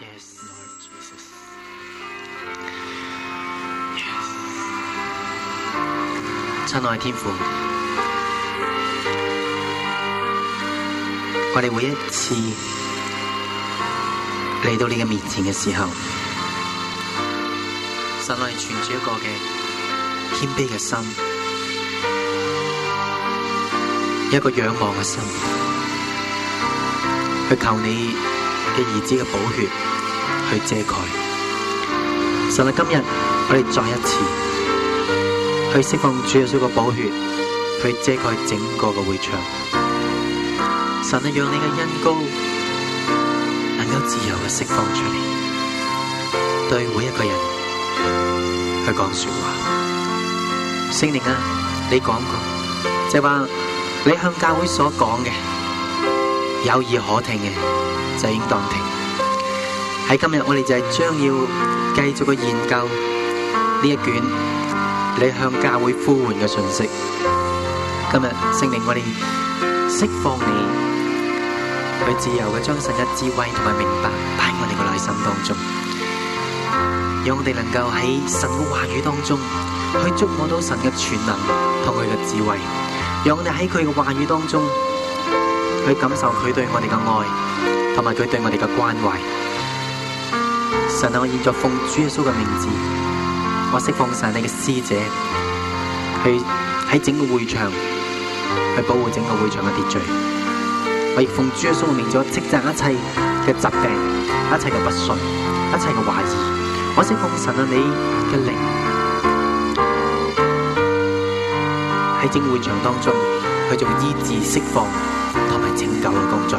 Yes, Lord Jesus. Yes. 親愛的天父，我哋每一次嚟到你嘅面前嘅時候，神愛存住一個嘅謙卑嘅心，一個仰望嘅心，去求你。嘅兒子嘅寶血去遮蓋，神啊！今日我哋再一次去釋放主耶穌嘅寶血去遮蓋整個嘅會場。神啊，讓你嘅恩膏能夠自由嘅釋放出嚟，對每一個人去講說話。聖靈啊，你講過，就係話你向教會所講嘅有耳可聽嘅，就已應當停。喺今日，我哋就係將要繼續嘅研究呢一卷，你向教會呼喚嘅信息。今日聖靈，我哋釋放你去自由嘅，將神嘅智慧同埋明白擺喺我哋嘅內心當中，讓我哋能夠喺神嘅話語當中去觸摸到神嘅全能同佢嘅智慧，讓我哋喺佢嘅話語當中去感受佢對我哋嘅愛。同埋佢對我哋嘅關懷，神啊！我現在奉主耶穌嘅名字，我釋放神你嘅使者，去喺整個會場去保護整個會場嘅秩序。我亦奉主耶穌嘅名字，斥責一切嘅疾病、一切嘅不信、一切嘅懷疑。我釋放神啊！你嘅靈喺整個會場當中，去做醫治、釋放同埋拯救嘅工作。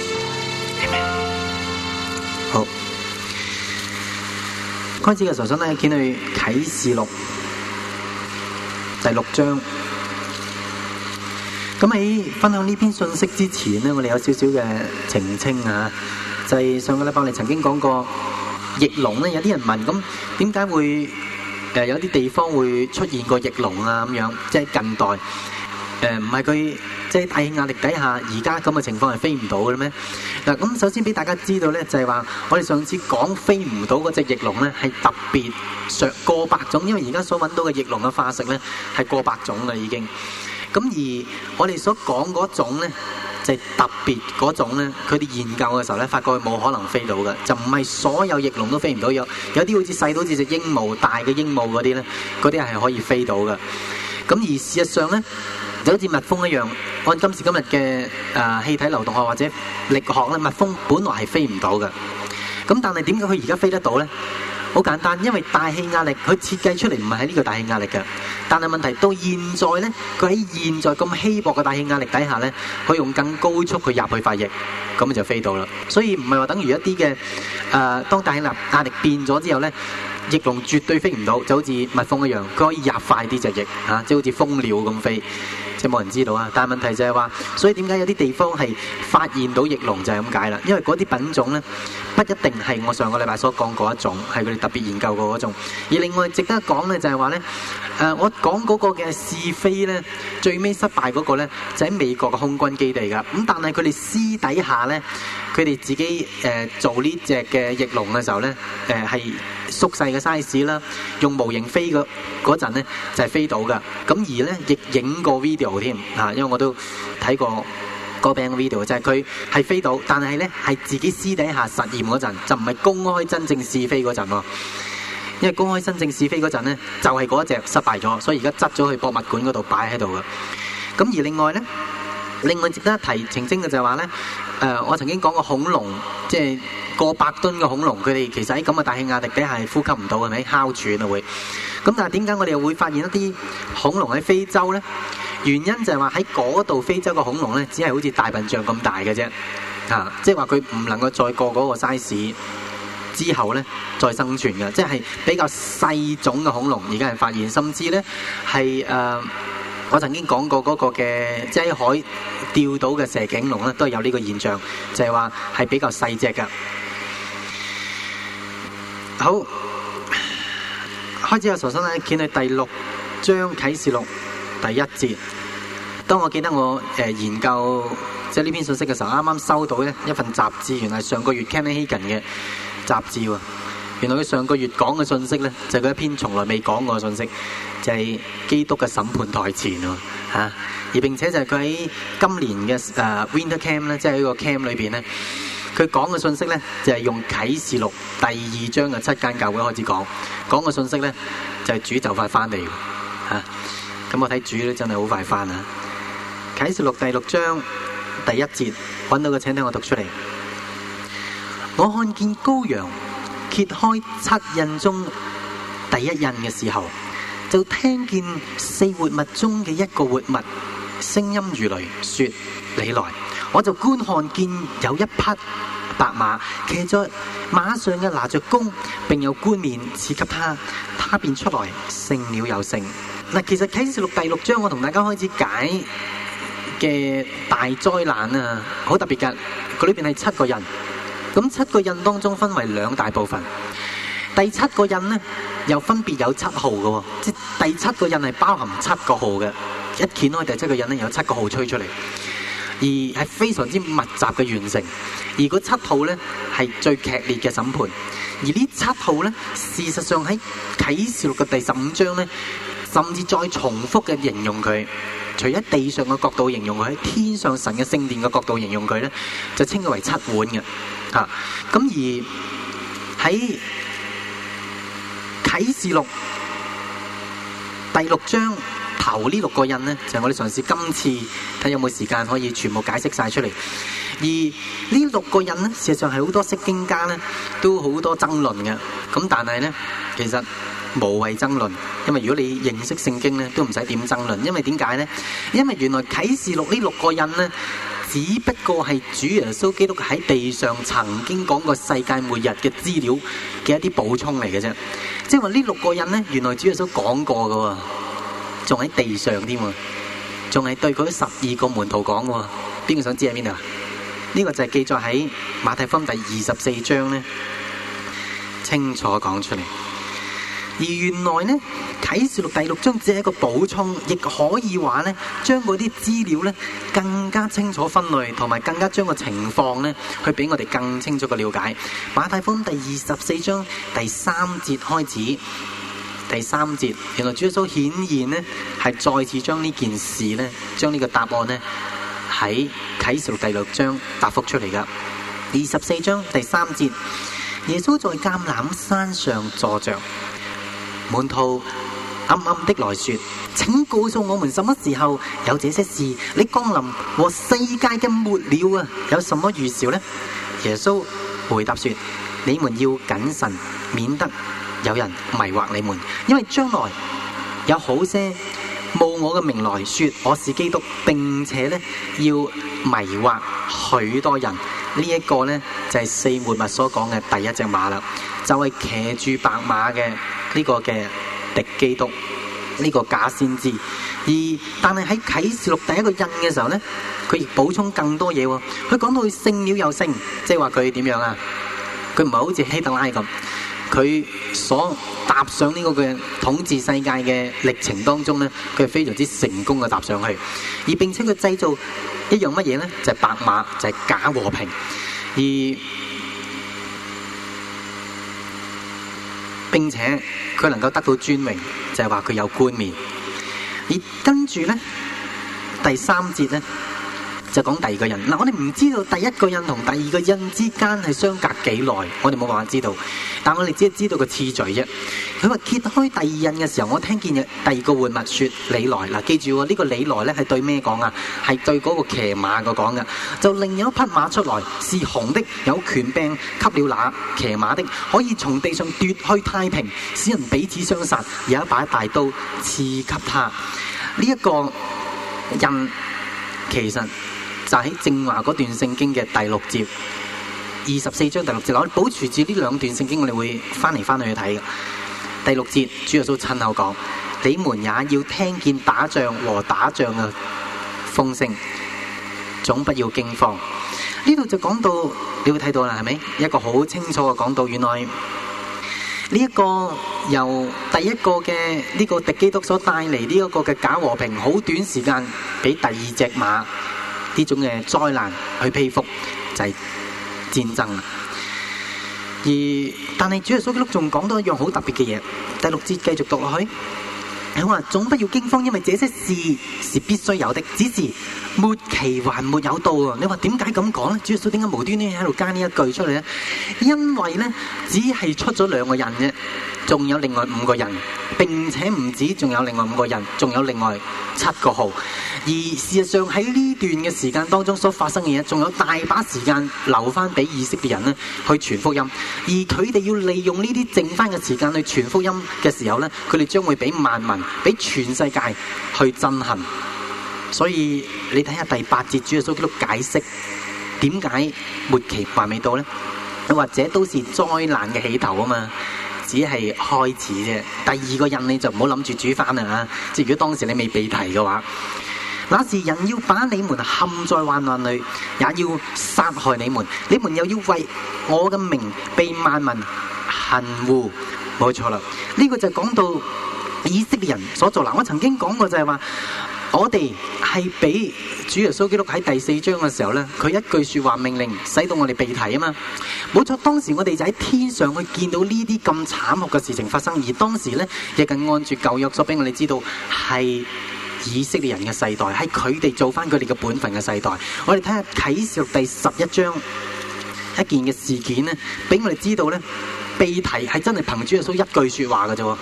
開始嘅時候呢，想去啟示錄第六章。咁喺分享呢篇信息之前咧，我哋有少少嘅澄清啊，就係上個禮拜我哋曾經講過翼龍咧，有啲人問咁點解會誒有啲地方會出現過翼龍啊？咁樣，即係近代。誒唔係佢即係大氣壓力底下而家咁嘅情況係飛唔到嘅咩？嗱，咁首先俾大家知道呢，就係話我哋上次講飛唔到嗰隻翼龍呢，係特別上過百種，因為而家所揾到嘅翼龍嘅化石呢，係過百種啦已經。咁而我哋所講嗰種咧，就係特別嗰種咧，佢哋研究嘅時候呢，發覺佢冇可能飛到嘅，就唔係所有翼龍都飛唔到，有有啲好似細到似隻鸚鵡，大嘅鸚鵡嗰啲呢，嗰啲係可以飛到嘅。咁而事實上呢。就好似蜜蜂一樣，按今時今日嘅誒、呃、氣體流動學或者力學咧，蜜蜂本來係飛唔到嘅。咁但係點解佢而家飛得到呢？好簡單，因為大氣壓力佢設計出嚟唔係喺呢個大氣壓力嘅。但係問題到現在呢，佢喺現在咁稀薄嘅大氣壓力底下咧，佢用更高速去入去發熱，咁就飛到啦。所以唔係話等於一啲嘅誒，當大氣壓壓力變咗之後呢。翼龍絕對飛唔到，就好似蜜蜂一樣，佢可以壓快啲隻翼嚇，即係好似蜂鳥咁飛，即係冇人知道啊！但係問題就係、是、話，所以點解有啲地方係發現到翼龍就係咁解啦？因為嗰啲品種咧，不一定係我上個禮拜所講過一種，係佢哋特別研究過嗰種。而另外值得講嘅就係話咧，誒、呃、我講嗰個嘅試飛咧，最尾失敗嗰個咧就喺美國嘅空軍基地㗎。咁但係佢哋私底下咧，佢哋自己誒、呃、做呢隻嘅翼龍嘅時候咧，誒、呃、係。是縮細嘅 size 啦，用模型飛嗰陣呢就係飛到㗎，咁而呢，亦影過 video 添，啊，因為我都睇過個 band 嘅 video，就係佢係飛到，但係呢係自己私底下實驗嗰陣就唔係公開真正試飛嗰陣喎，因為公開真正試飛嗰陣呢就係嗰隻失敗咗，所以而家執咗去博物館嗰度擺喺度㗎，咁而另外呢，另外值得提澄清嘅就係話呢。誒、呃，我曾經講過恐龍，即係過百噸嘅恐龍，佢哋其實喺咁嘅大氣壓力底下呼吸唔到，係咪？哮喘咧會。咁但係點解我哋又會發現一啲恐龍喺非洲呢？原因就係話喺嗰度非洲嘅恐龍呢，只係好似大笨象咁大嘅啫。啊，即係話佢唔能夠再過嗰個 size 之後呢，再生存嘅，即係比較細種嘅恐龍。而家係發現，甚至呢係誒、呃，我曾經講過嗰個嘅即係海。釣到嘅蛇頸龍咧，都有呢個現象，就係話係比較細隻㗎。好，開始阿傻生咧，見佢第六章啟示錄第一節。當我記得我誒研究即係呢篇信息嘅時候，啱啱收到咧一份雜誌，原嚟上個月《Canaan》嘅雜誌喎。原來佢上個月講嘅信息呢，就係佢一篇從來未講過嘅信息，就係、是、基督嘅審判台前喎、啊、而並且就係佢喺今年嘅誒、呃、Winter Camp 咧，即係呢個 Camp 裏邊呢，佢講嘅信息呢，就係用啟示錄第二章嘅七間教會開始講。講嘅信息呢，就係主就快翻嚟嚇。咁我睇主咧真係好快翻啊！啟示錄第六章第一節，揾到嘅請聽我讀出嚟。我看見羔羊。揭開七印中第一印嘅時候，就聽見四活物中嘅一個活物聲音如雷，說：你來！我就觀看見有一匹白馬，騎在馬上嘅，拿着弓，並有冠冕賜給他，他便出來，勝了又勝。嗱，其實啟示錄第六章，我同大家開始解嘅大災難啊，好特別噶，佢呢邊係七個人。咁七個印當中，分為兩大部分。第七個印呢，又分別有七號嘅喎。即第七個印係包含七個號嘅，一掀開第七個印呢，有七個號吹出嚟，而係非常之密集嘅完成。而嗰七號呢，係最劇烈嘅審判。而呢七號呢，事實上喺啟示錄嘅第十五章呢，甚至再重複嘅形容佢，除咗地上嘅角度形容佢，喺天上神嘅聖殿嘅角度形容佢呢，就稱佢為七碗嘅。啊！咁而喺《啟示錄》第六章頭呢六個印咧，就係我哋嘗試今次睇有冇時間可以全部解釋曬出嚟。而呢六個印咧，事實上係好多釋經家咧都好多爭論嘅。咁但係咧，其實無謂爭論，因為如果你認識聖經咧，都唔使點爭論。因為點解咧？因為原來《啟示錄》呢六個印咧。只不過係主耶穌基督喺地上曾經講過世界末日嘅資料嘅一啲補充嚟嘅啫，即係話呢六個人呢，原來主耶穌講過噶，仲喺地上添，仲係對佢十二個門徒講噶，邊個想知喺邊度？呢個就係記載喺馬太福音第二十四章呢，清楚講出嚟。而原來呢，《啟示錄》第六章只係一個補充，亦可以話呢，將嗰啲資料呢，更加清楚分類，同埋更加將個情況呢，去俾我哋更清楚嘅了解。馬太福音第二十四章第三節開始，第三節原來主耶穌顯現呢，係再次將呢件事呢，將呢個答案呢，喺《啟示錄》第六章答覆出嚟㗎。二十四章第三節，耶穌在橄欖山上坐着。門徒暗暗的來說，請告訴我們什麼時候有這些事？你降臨和世界嘅末了啊，有什麼預兆呢？耶穌回答說：你們要謹慎，免得有人迷惑你們，因為將來有好些冒我嘅名來說我是基督，並且呢，要迷惑許多人。呢一個呢就係四活物所講嘅第一隻馬啦，就係騎住白馬嘅。呢個嘅敵基督，呢個假先知。而但係喺啟示錄第一個印嘅時候咧，佢亦補充更多嘢喎。佢講到勝了又勝，即係話佢點樣啊？佢唔係好似希特拉咁，佢所踏上呢個嘅統治世界嘅歷程當中咧，佢係非常之成功嘅踏上去，而並且佢製造一樣乜嘢咧？就係白馬，就係假和平。而並且佢能夠得到尊榮，就係話佢有冠冕。而跟住咧，第三節咧。就講第二個人嗱、嗯,我哋唔知道第一個人同第二個人之間係相隔幾耐，我哋冇辦法知道，但我哋只知道個次序啫。佢話揭開第二印嘅時候，我聽見有第二個活物說李來嗱、嗯，記住喎，呢、這個李來咧係對咩講啊？係對嗰個騎馬個講㗎。就另有一匹馬出來，是紅的，有權柄給了那騎馬的，可以從地上奪去太平，使人彼此相殺，有一把大刀賜給他。呢、這、一個印其實。就喺正話嗰段聖經嘅第六節，二十四章第六節攞，我哋保持住呢兩段聖經，我哋會翻嚟翻去去睇嘅。第六節，主耶穌親口講：你們也要聽見打仗和打仗嘅風聲，總不要驚慌。呢度就講到，你會睇到啦，係咪？一個好清楚嘅講到，原來呢一個由第一個嘅呢個敵基督所帶嚟呢一個嘅假和平，好短時間俾第二隻馬。呢種嘅災難去披覆，就係戰爭啦。而但係，主耶穌基督仲講到一樣好特別嘅嘢。第六節繼續讀落去，我話總不要驚慌，因為這些事是必須有的，只是，末期還沒有到啊。你話點解咁講咧？主耶穌點解無端端喺度加呢一句出嚟呢？因為呢，只係出咗兩個人啫，仲有另外五個人，並且唔止仲有另外五個人，仲有另外七個號。而事實上喺呢段嘅時間當中所發生嘅嘢，仲有大把時間留翻俾以色列人咧去傳福音。而佢哋要利用呢啲剩翻嘅時間去傳福音嘅時候呢，佢哋將會俾萬民、俾全世界去震撼。所以你睇下第八節主耶穌基督解釋點解末期還未到呢？又或者都是災難嘅起頭啊嘛，只係開始啫。第二個人你就唔好諗住煮翻啦。即係如果當時你未被提嘅話，那時人要把你們陷在患難裏，也要殺害你們，你們又要為我嘅名被萬民恨惡。冇錯啦，呢個就講到以色列人所做嗱。我曾經講過就係話。我哋係俾主耶穌基督喺第四章嘅時候咧，佢一句說話命令，使到我哋被提啊嘛。冇錯，當時我哋就喺天上去見到呢啲咁慘酷嘅事情發生，而當時咧亦都按住舊約，所俾我哋知道係以色列人嘅世代，係佢哋做翻佢哋嘅本分嘅世代。我哋睇下啟示錄第十一章一件嘅事件咧，俾我哋知道咧，被提係真係憑主耶穌一句說話嘅啫。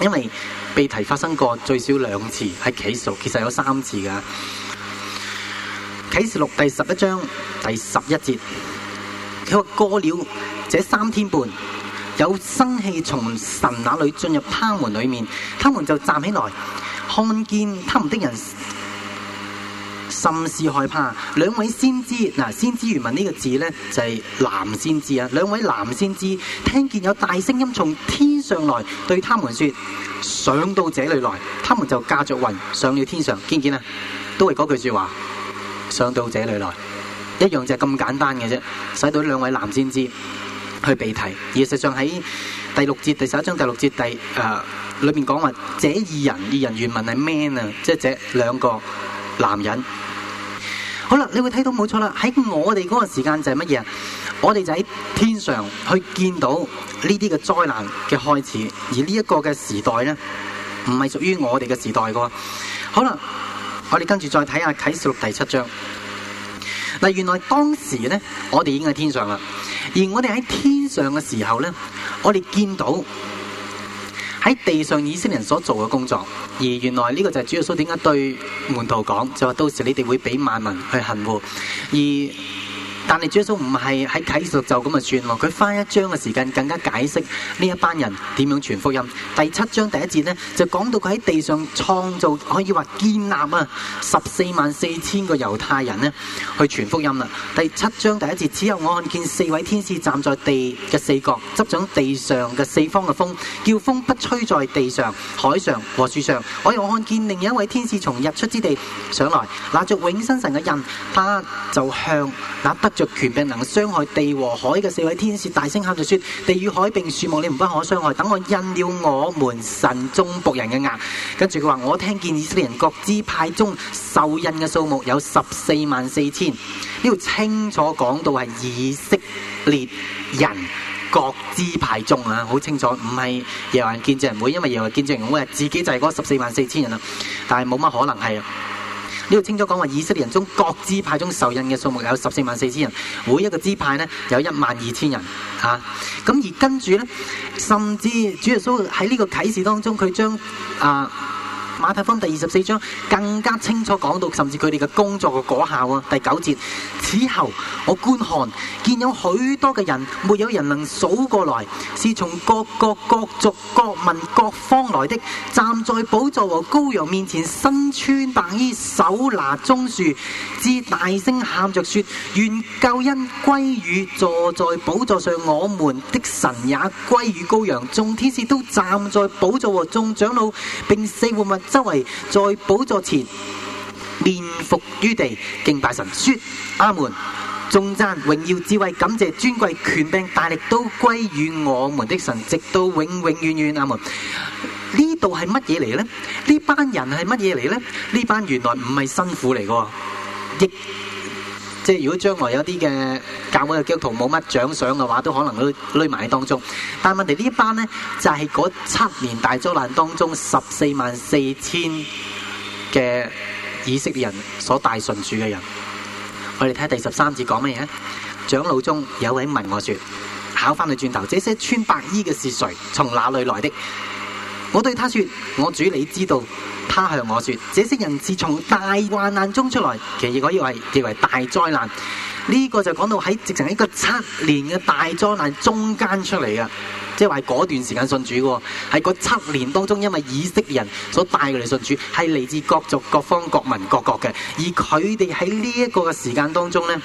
因為被提發生過最少兩次，係起訴，其實有三次㗎。啟示錄第十一章第十一節，佢話過了這三天半，有生氣從神那裏進入他們裏面，他們就站起來，看見他們的人甚是害怕。兩位先知嗱，先知原文呢個字呢，就係男先知啊。兩位男先知聽見有大聲音從天上來，對他們説：上到這裡來。他們就駕著雲上了天上。見見啊，都係嗰句説話：上到這裡來。一樣就係咁簡單嘅啫，使到兩位男先知去避題。而實際上喺第六節，第十一章第六節第誒裏、呃、面講話，這二人二人原文係 man 啊？即係這兩個。男人，好啦，你會睇到冇錯啦，喺我哋嗰個時間就係乜嘢啊？我哋就喺天上去見到呢啲嘅災難嘅開始，而呢一個嘅時代咧，唔係屬於我哋嘅時代噶。好啦，我哋跟住再睇下啟示錄第七章。嗱，原來當時咧，我哋已經喺天上啦，而我哋喺天上嘅時候咧，我哋見到。喺地上以色列人所做嘅工作，而原來呢個就係主耶穌點解對門徒講，就話到時你哋會俾萬民去行惡，而。但係耶穌唔係喺啟示就咁啊算喎，佢返一章嘅時間更加解釋呢一班人點樣傳福音。第七章第一節呢，就講到佢喺地上創造，可以話建立啊十四萬四千個猶太人呢去傳福音啦。第七章第一節，只有我看見四位天使站在地嘅四角，執掌地上嘅四方嘅風，叫風不吹在地上、海上和樹上。我又看見另一位天使從日出之地上來，拿着永生神嘅印，他就向那着權並能傷害地和海嘅四位天使，大聲喊著説：地與海並樹木，你唔不可傷害。等我印了我們神中僕人嘅額。跟住佢話：我聽見以色列人各支派中受印嘅數目有十四萬四千。呢度清楚講到係以色列人各支派中啊，好清楚，唔係耶和華見證人會，因為耶和華見證人會係自己就係嗰十四萬四千人啦，但係冇乜可能係。呢度清楚講話，以色列人中各支派中受印嘅數目有十四萬四千人，每一個支派呢有一萬二千人嚇。咁、啊、而跟住呢，甚至主耶穌喺呢個啟示當中，佢將啊。馬太福音第二十四章更加清楚講到，甚至佢哋嘅工作嘅果效啊！第九節：此後我觀看，見有許多嘅人，沒有人能數過來，是從各國各，各，各族各民各方來的，站在寶座和羔羊面前，身穿白衣，手拿棕樹，至大聲喊着說：願救恩歸與坐在寶座上我們的神，也歸與羔羊。眾天使都站在寶座和眾長老並四活物。周圍在寶座前，面伏於地敬拜神，說：阿門，頌讚榮耀智慧，感謝尊貴權柄兵大力，都歸於我們的神，直到永永遠遠。阿門。呢度係乜嘢嚟呢？呢班人係乜嘢嚟呢？呢班原來唔係辛苦嚟噶。亦即係如果將來有啲嘅教會嘅基督徒冇乜獎賞嘅話，都可能攞匿埋喺當中。但係問題呢一班咧，就係、是、嗰七年大災難當中十四萬四千嘅以色列人所帶順住嘅人。我哋睇下第十三節講乜嘢啊？長老中有位問我説：考翻去轉頭，這些穿白衣嘅是誰？從哪裏來的？我對他說：我主你知道。他向我說：這些人自從大患難中出來，其實亦可以為認為大災難。呢、這個就講到喺直情一個七年嘅大災難中間出嚟嘅，即係話嗰段時間信主嘅，係嗰七年當中，因為以色列人所帶佢哋信主，係嚟自各族、各方、各民、各國嘅。而佢哋喺呢一個嘅時間當中呢，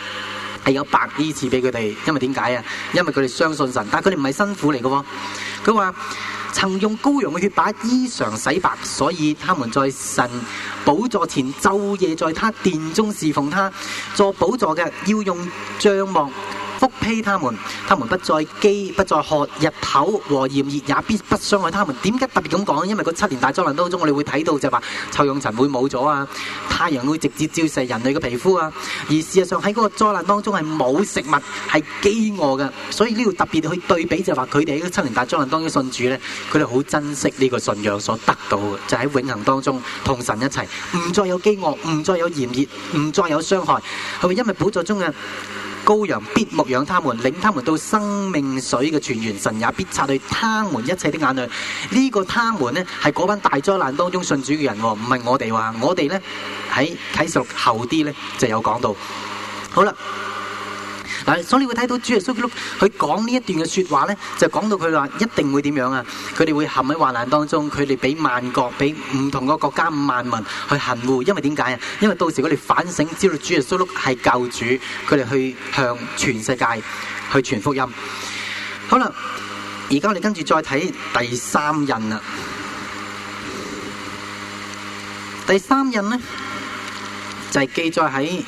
係有白衣賜俾佢哋，因為點解啊？因為佢哋相信神，但佢哋唔係辛苦嚟嘅。佢話。曾用羔羊嘅血把衣裳洗白，所以他們在神寶座前，晝夜在他殿中侍奉他，做寶座嘅要用帳幕。覆庇他們，他們不再飢，不再渴，日頭和炎熱也必不傷害他們。點解特別咁講咧？因為個七年大災難當中，我哋會睇到就係話，臭氧層會冇咗啊，太陽會直接照射人類嘅皮膚啊。而事實上喺嗰個災難當中係冇食物，係飢餓嘅。所以呢度特別去對比就係話，佢哋喺七年大災難當中信主呢，佢哋好珍惜呢個信仰所得到嘅，就喺永恆當中同神一齊，唔再有飢餓，唔再有炎熱，唔再有傷害，係咪？因為寶座中嘅？羔羊必牧養他們，領他們到生命水嘅泉源，神也必擦去他們一切的眼淚。呢、這個他們呢，係嗰班大災難當中信主嘅人，唔係我哋話，我哋呢喺啟示錄後啲呢，就有講到。好啦。嗱，所以你會睇到主耶穌佢講呢一段嘅説話咧，就講到佢話一定會點樣啊？佢哋會陷喺患難當中，佢哋俾萬國、俾唔同嘅國家、唔萬民去行護，因為點解啊？因為到時佢哋反省知道主耶穌基督係救主，佢哋去向全世界去傳福音。好啦，而家我哋跟住再睇第三印啦。第三印咧就係、是、記載喺。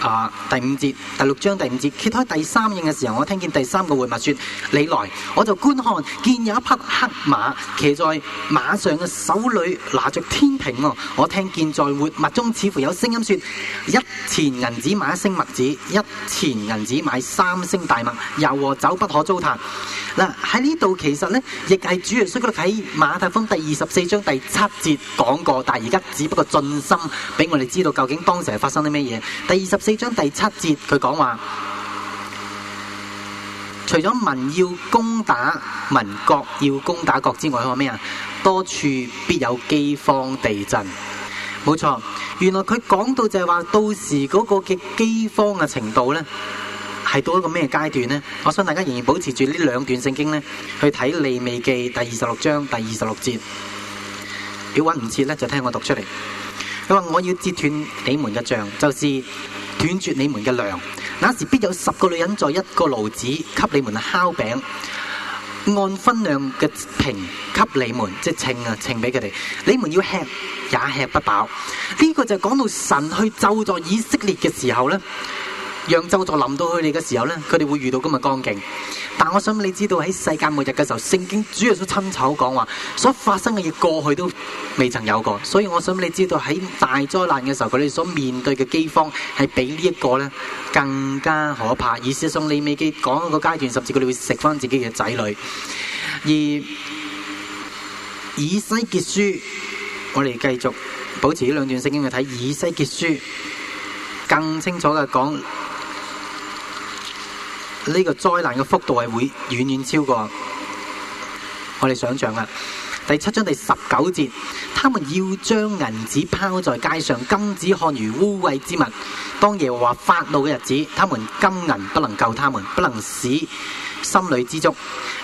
啊！第五節第六章第五節揭開第三印嘅時候，我聽見第三個活物説：你來，我就觀看，見有一匹黑馬騎在馬上嘅手裏拿着天平喎。我聽見在活物中似乎有聲音説：一錢銀子買一升麥子，一錢銀子買三升大麥，油和酒不可糟蹋。嗱、啊，喺呢度其實呢，亦係主耶穌嗰度睇馬太福音第二十四章第七節講過，但係而家只不過盡心俾我哋知道究竟當時係發生啲咩嘢。第二十四章第七節，佢講話除咗民要攻打民，國要攻打國之外，佢話咩啊？多處必有饑荒、地震。冇錯，原來佢講到就係話，到時嗰個嘅饑荒嘅程度呢，係到一個咩階段呢？我想大家仍然保持住呢兩段聖經呢，去睇利未記第二十六章第二十六節。如果揾唔切呢，就聽我讀出嚟。佢話我要折斷你們嘅杖，就是。斷絕你們嘅糧，那時必有十個女人在一個爐子，給你們烤餅，按分量嘅瓶給你們，即係稱啊，稱俾佢哋。你們要吃也吃不飽。呢、這個就講到神去救助以色列嘅時候讓周作臨到佢哋嘅時候呢，佢哋會遇到今日光景。但我想你知道喺世界末日嘅時候，聖經主要所親口講話所發生嘅嘢，過去都未曾有過。所以我想你知道喺大災難嘅時候，佢哋所面對嘅飢荒係比呢一個呢更加可怕。而事實上，你未記講嗰個階段，甚至佢哋會食翻自己嘅仔女。而以西結書，我哋繼續保持呢兩段聖經去睇。以西結書更清楚嘅講。呢個災難嘅幅度係會遠遠超過我哋想象嘅。第七章第十九節，他們要將銀子拋在街上，金子看如污穢之物。當耶和華發怒嘅日子，他們金銀不能救他們，不能使心裡知足，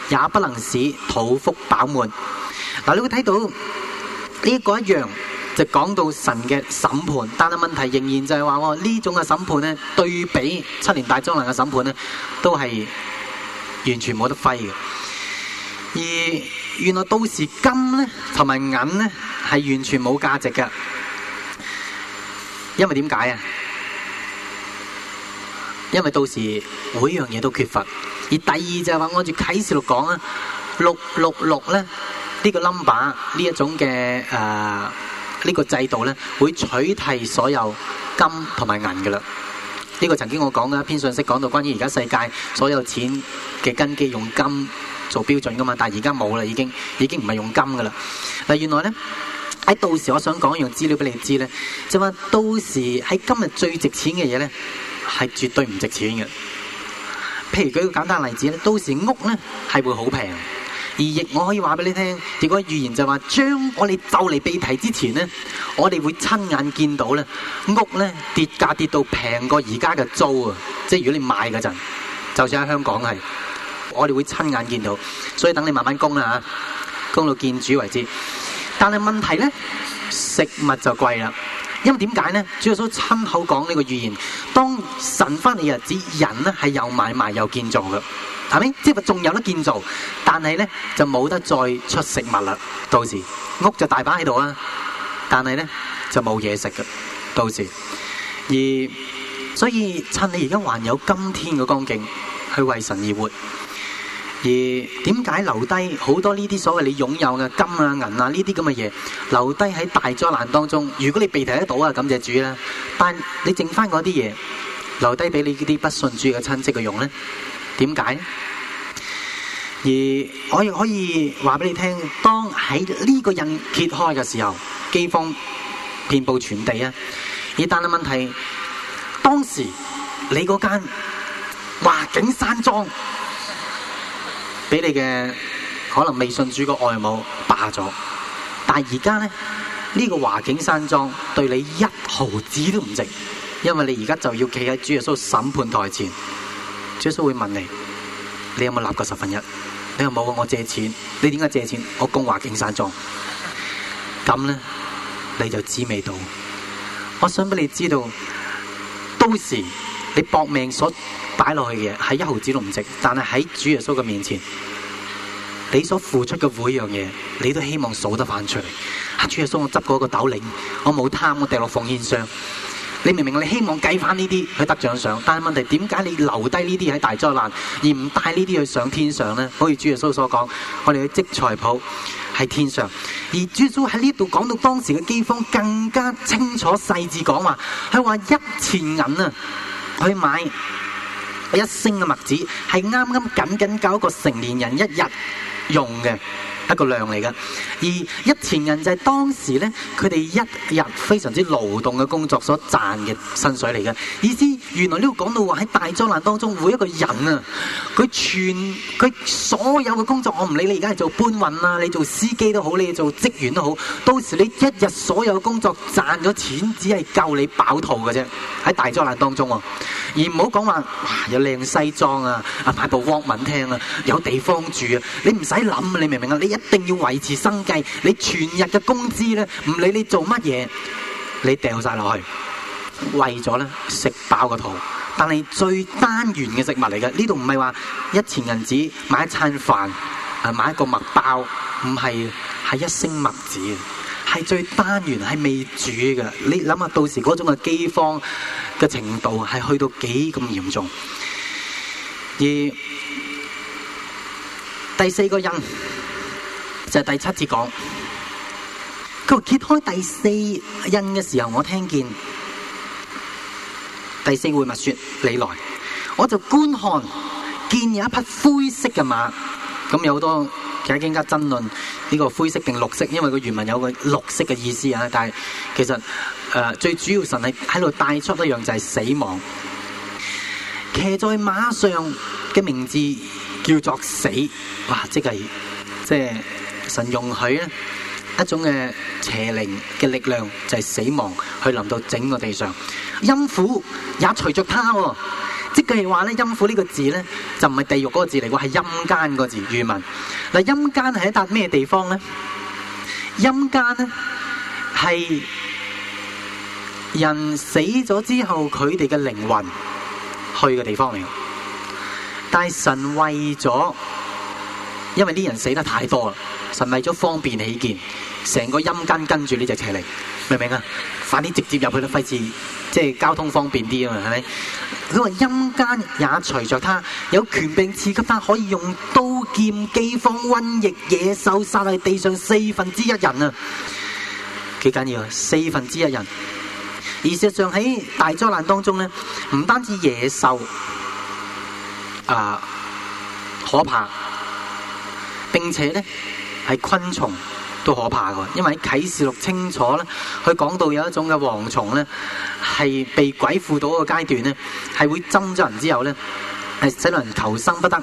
也不能使肚腹飽滿。嗱，你會睇到呢個一樣。就講到神嘅審判，但係問題仍然就係話喎，呢、哦、種嘅審判咧對比七年大災難嘅審判咧，都係完全冇得揮嘅。而原來到時金咧同埋銀咧係完全冇價值嘅，因為點解啊？因為到時每一樣嘢都缺乏。而第二就係話，按住啟示錄講啊，六六六咧呢、呢個 number 呢一種嘅誒。呃呢個制度咧，會取替所有金同埋銀嘅啦。呢個曾經我講嘅一篇信息講到，關於而家世界所有錢嘅根基用金做標準嘅嘛，但係而家冇啦，已經已經唔係用金嘅啦。嗱，原來咧喺到時，我想講一樣資料俾你知咧，就話到時喺今日最值錢嘅嘢咧，係絕對唔值錢嘅。譬如舉個簡單例子咧，到時屋咧係會好平。而亦我可以話俾你聽，結果預言就話，將我哋就嚟被提之前咧，我哋會親眼見到咧，屋咧跌價跌，跌到平過而家嘅租啊！即係如果你買嗰陣，就算喺香港係，我哋會親眼見到。所以等你慢慢供啦嚇，供到見主為止。但係問題咧，食物就貴啦，因為點解咧？主耶穌親口講呢個預言，當神翻嚟日子，人咧係又買賣又建造嘅。係咪？即係話仲有得建造，但係咧就冇得再出食物啦。到時屋就大把喺度啊，但係咧就冇嘢食嘅。到時而所以趁你而家還有今天嘅光景，去為神而活。而點解留低好多呢啲所謂你擁有嘅金啊銀啊呢啲咁嘅嘢，留低喺大災難當中？如果你被提得到啊，感謝主啦！但你剩翻嗰啲嘢，留低俾你呢啲不信主嘅親戚嘅用咧？點解？而我亦可以話俾你聽，當喺呢個印揭開嘅時候，饑荒遍布全地啊！而但係問題，當時你嗰間華景山莊畀你嘅可能未信主嘅外母霸咗，但係而家呢，呢、呢個華景山莊對你一毫子都唔值，因為你而家就要企喺主耶穌審判台前。主耶穌會問你：你有冇立過十分一？你又冇問我借錢，你點解借錢？我供華景山莊。咁呢，你就知味道。我想俾你知道，到時你搏命所擺落去嘅嘢，係一毫子都唔值。但係喺主耶穌嘅面前，你所付出嘅每一樣嘢，你都希望數得翻出嚟。主耶穌，我執過一個斗零，我冇貪，我掉落奉獻箱。你明唔明？你希望計翻呢啲去得獎賞，但係問題點解你留低呢啲喺大災難，而唔帶呢啲去上天上呢？好似主耶穌所講，我哋嘅積財寶喺天上。而主耶穌喺呢度講到當時嘅饑荒，更加清楚細緻講話，佢話一錢銀啊，去買一升嘅麥子，係啱啱僅僅夠一個成年人一日用嘅。一個量嚟嘅。而一錢銀就係當時呢，佢哋一日非常之勞動嘅工作所賺嘅薪水嚟嘅。意思原來呢個講到話喺大災難當中，每一個人啊，佢全佢所有嘅工作，我唔理你而家係做搬運啊，你做司機都好，你做職員都好，到時你一日所有嘅工作賺咗錢，只係夠你飽肚嘅啫。喺大災難當中啊，而唔好講話，哇，有靚西裝啊，啊，買部 Walkman 聽啊，有地方住啊，你唔使諗，你明唔明啊？你一定要維持生計，你全日嘅工資咧，唔理你做乜嘢，你掉晒落去，為咗咧食飽個肚。但係最單元嘅食物嚟嘅，呢度唔係話一錢銀紙買一餐飯，誒買一個麥包，唔係係一升麥子，係最單元係未煮嘅。你諗下到時嗰種嘅饑荒嘅程度係去到幾咁嚴重？而第四個印。就係第七節講，佢揭開第四印嘅時候，我聽見第四活物說：「你來，我就觀看見有一匹灰色嘅馬，咁有好多其他專家爭論呢個灰色定綠色，因為個原文有個綠色嘅意思啊，但係其實、呃、最主要神係喺度帶出一樣就係死亡，騎在馬上嘅名字叫做死，哇！即係即係。神容許咧一種嘅邪靈嘅力量就係、是、死亡去臨到整個地上，陰府也隨着他、哦。即係話咧陰府呢個字咧就唔係地獄嗰個字嚟，喎係陰間個字。原文嗱陰間係一笪咩地方咧？陰間咧係人死咗之後佢哋嘅靈魂去嘅地方嚟。但係神為咗。因為啲人死得太多啦，神為咗方便起見，成個陰間跟住呢隻邪靈，明唔明啊？快啲直接入去啦，費事即係交通方便啲啊嘛，係咪？佢話陰間也隨着他，有權柄刺激他可以用刀劍、饑荒、瘟疫、野獸殺害地上四分之一人啊！幾緊要啊？四分之一人，而事實上喺大災難當中呢，唔單止野獸啊可怕。並且咧，係昆蟲都可怕嘅。因為啟示錄清楚咧，佢講到有一種嘅蝗蟲咧，係被鬼附到個階段咧，係會針咗人之後咧，係使到人求生不得、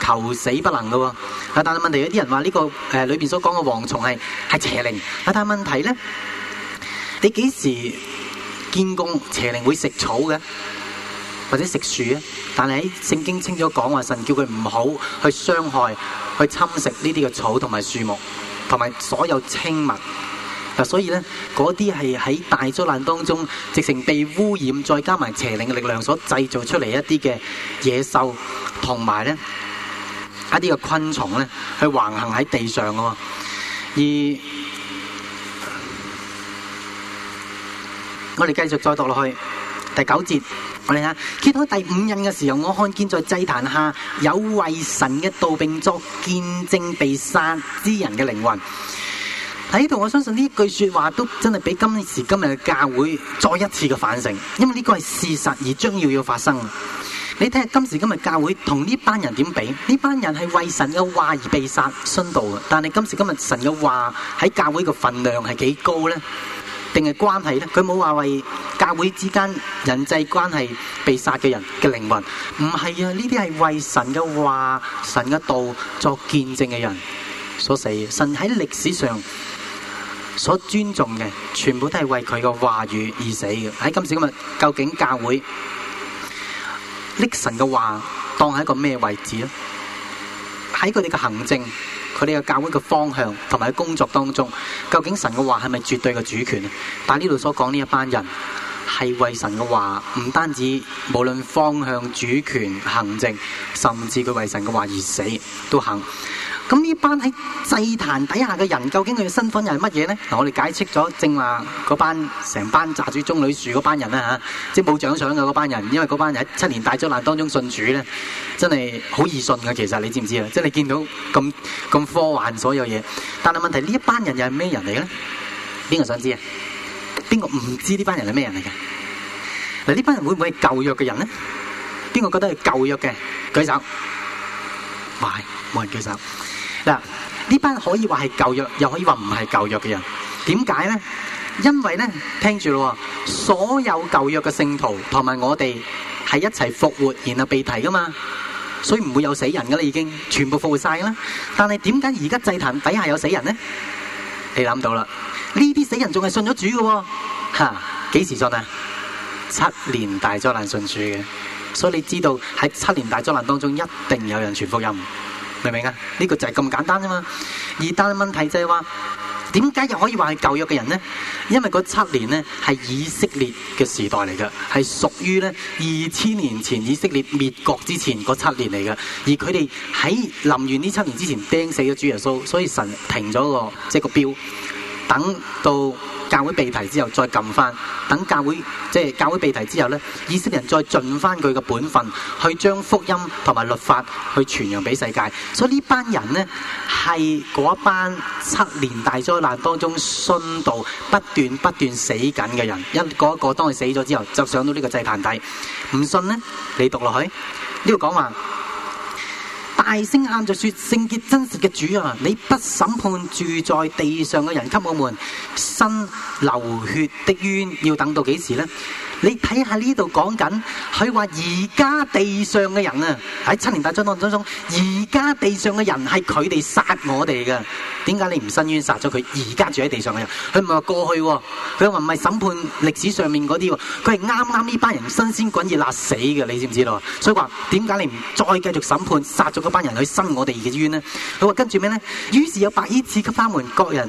求死不能嘅。啊，但係問題有啲人話呢、這個誒裏邊所講嘅蝗蟲係係邪靈，啊，但係問題咧，你幾時見過邪靈會食草嘅？或者食樹，但係喺聖經清咗講話，神叫佢唔好去傷害、去侵蝕呢啲嘅草同埋樹木，同埋所有青物。所以呢，嗰啲係喺大災難當中，直情被污染，再加埋邪靈嘅力量所製造出嚟，一啲嘅野獸，同埋咧一啲嘅昆蟲咧，去橫行喺地上噶嘛。而我哋繼續再讀落去第九節。我哋睇，揭開第五印嘅時候，我看見在祭壇下有為神嘅道並作見證被殺之人嘅靈魂。喺度，我相信呢一句說話都真係俾今時今日嘅教會再一次嘅反省，因為呢個係事實而將要要發生。你睇下今時今日教會同呢班人點比？呢班人係為神嘅話而被殺殉道嘅，但係今時今日神嘅話喺教會嘅份量係幾高呢？定係關係呢？佢冇話為教會之間人際關係被殺嘅人嘅靈魂，唔係啊！呢啲係為神嘅話、神嘅道作見證嘅人所死。神喺歷史上所尊重嘅，全部都係為佢嘅話語而死嘅。喺今時今日，究竟教會拎神嘅話當係一個咩位置咧？喺佢哋嘅行政。佢哋嘅教會嘅方向同埋工作當中，究竟神嘅話係咪絕對嘅主權啊？但係呢度所講呢一班人係為神嘅話，唔單止無論方向、主權、行政，甚至佢為神嘅話而死都肯。咁呢班喺祭壇底下嘅人，究竟佢嘅身份又係乜嘢咧？嗱，我哋解釋咗正話嗰班成班揸住棕櫚樹嗰班人啦嚇，即係冇獎賞嘅嗰班人，因為嗰班人喺七年大災難當中信主咧，真係好易信嘅。其實你知唔知啊？即係你見到咁咁科幻所有嘢，但係問題呢一班人又係咩人嚟咧？邊個想知啊？邊個唔知呢班人係咩人嚟嘅？嗱，呢班人會唔會係舊約嘅人咧？邊個覺得係舊約嘅？舉手，冇人舉手。嗱，呢班可以話係舊約，又可以話唔係舊約嘅人，點解咧？因為咧，聽住咯，所有舊約嘅聖徒同埋我哋係一齊復活，然後被提噶嘛，所以唔會有死人噶啦，已經全部復活晒啦。但係點解而家祭壇底下有死人咧？你諗到啦，呢啲死人仲係信咗主嘅，吓，幾時信啊？七年大災難信主嘅，所以你知道喺七年大災難當中一定有人傳福音。明唔明啊？呢、這個就係咁簡單啫嘛。而但係問題就係話，點解又可以話係舊約嘅人呢？因為嗰七年呢係以色列嘅時代嚟㗎，係屬於呢二千年前以色列滅國之前嗰七年嚟㗎。而佢哋喺臨完呢七年之前釘死咗主耶穌，所以神停咗，那個即係、就是、個標。等到教會被提之後再撳翻，等教會即係教會被提之後呢，以色列人再盡翻佢嘅本分，去將福音同埋律法去傳揚俾世界。所以呢班人呢，係嗰班七年大災難當中殉道不斷不斷死緊嘅人，一個一個當佢死咗之後，就上到呢個祭壇底。唔信呢？你讀落去呢個講話。大聲喊著說，聖潔真實嘅主啊！你不審判住在地上嘅人，給我們伸流血的冤，要等到幾時呢？你睇下呢度講緊，佢話而家地上嘅人啊，喺七年大戰當中，而家地上嘅人係佢哋殺我哋㗎。點解你唔伸冤殺咗佢？而家住喺地上嘅人，佢唔話過去喎，佢又話唔係審判歷史上面嗰啲喎，佢係啱啱呢班人新鮮滾熱辣死嘅，你知唔知道？所以話點解你唔再繼續審判殺咗嗰班人去伸我哋嘅冤呢？佢話跟住咩呢？於是有白衣賜給他們各人。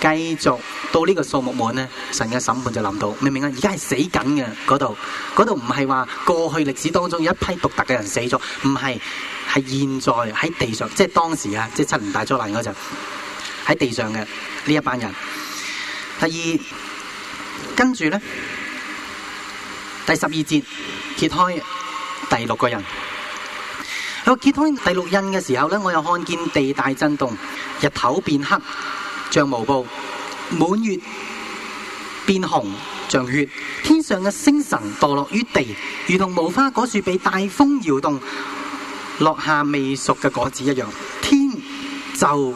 繼續到呢個數目門呢，神嘅審判就臨到，明唔明啊？而家係死緊嘅嗰度，嗰度唔係話過去歷史當中有一批獨特嘅人死咗，唔係係現在喺地上，即係當時啊，即係七年大災難嗰陣喺地上嘅呢一班人。第二跟住咧，第十二節揭開第六個人。我揭開第六印嘅時候咧，我又看見地大震動，日頭變黑，像毛布，滿月變紅，像血；天上嘅星辰墮落於地，如同無花果樹被大風搖動，落下未熟嘅果子一樣。天就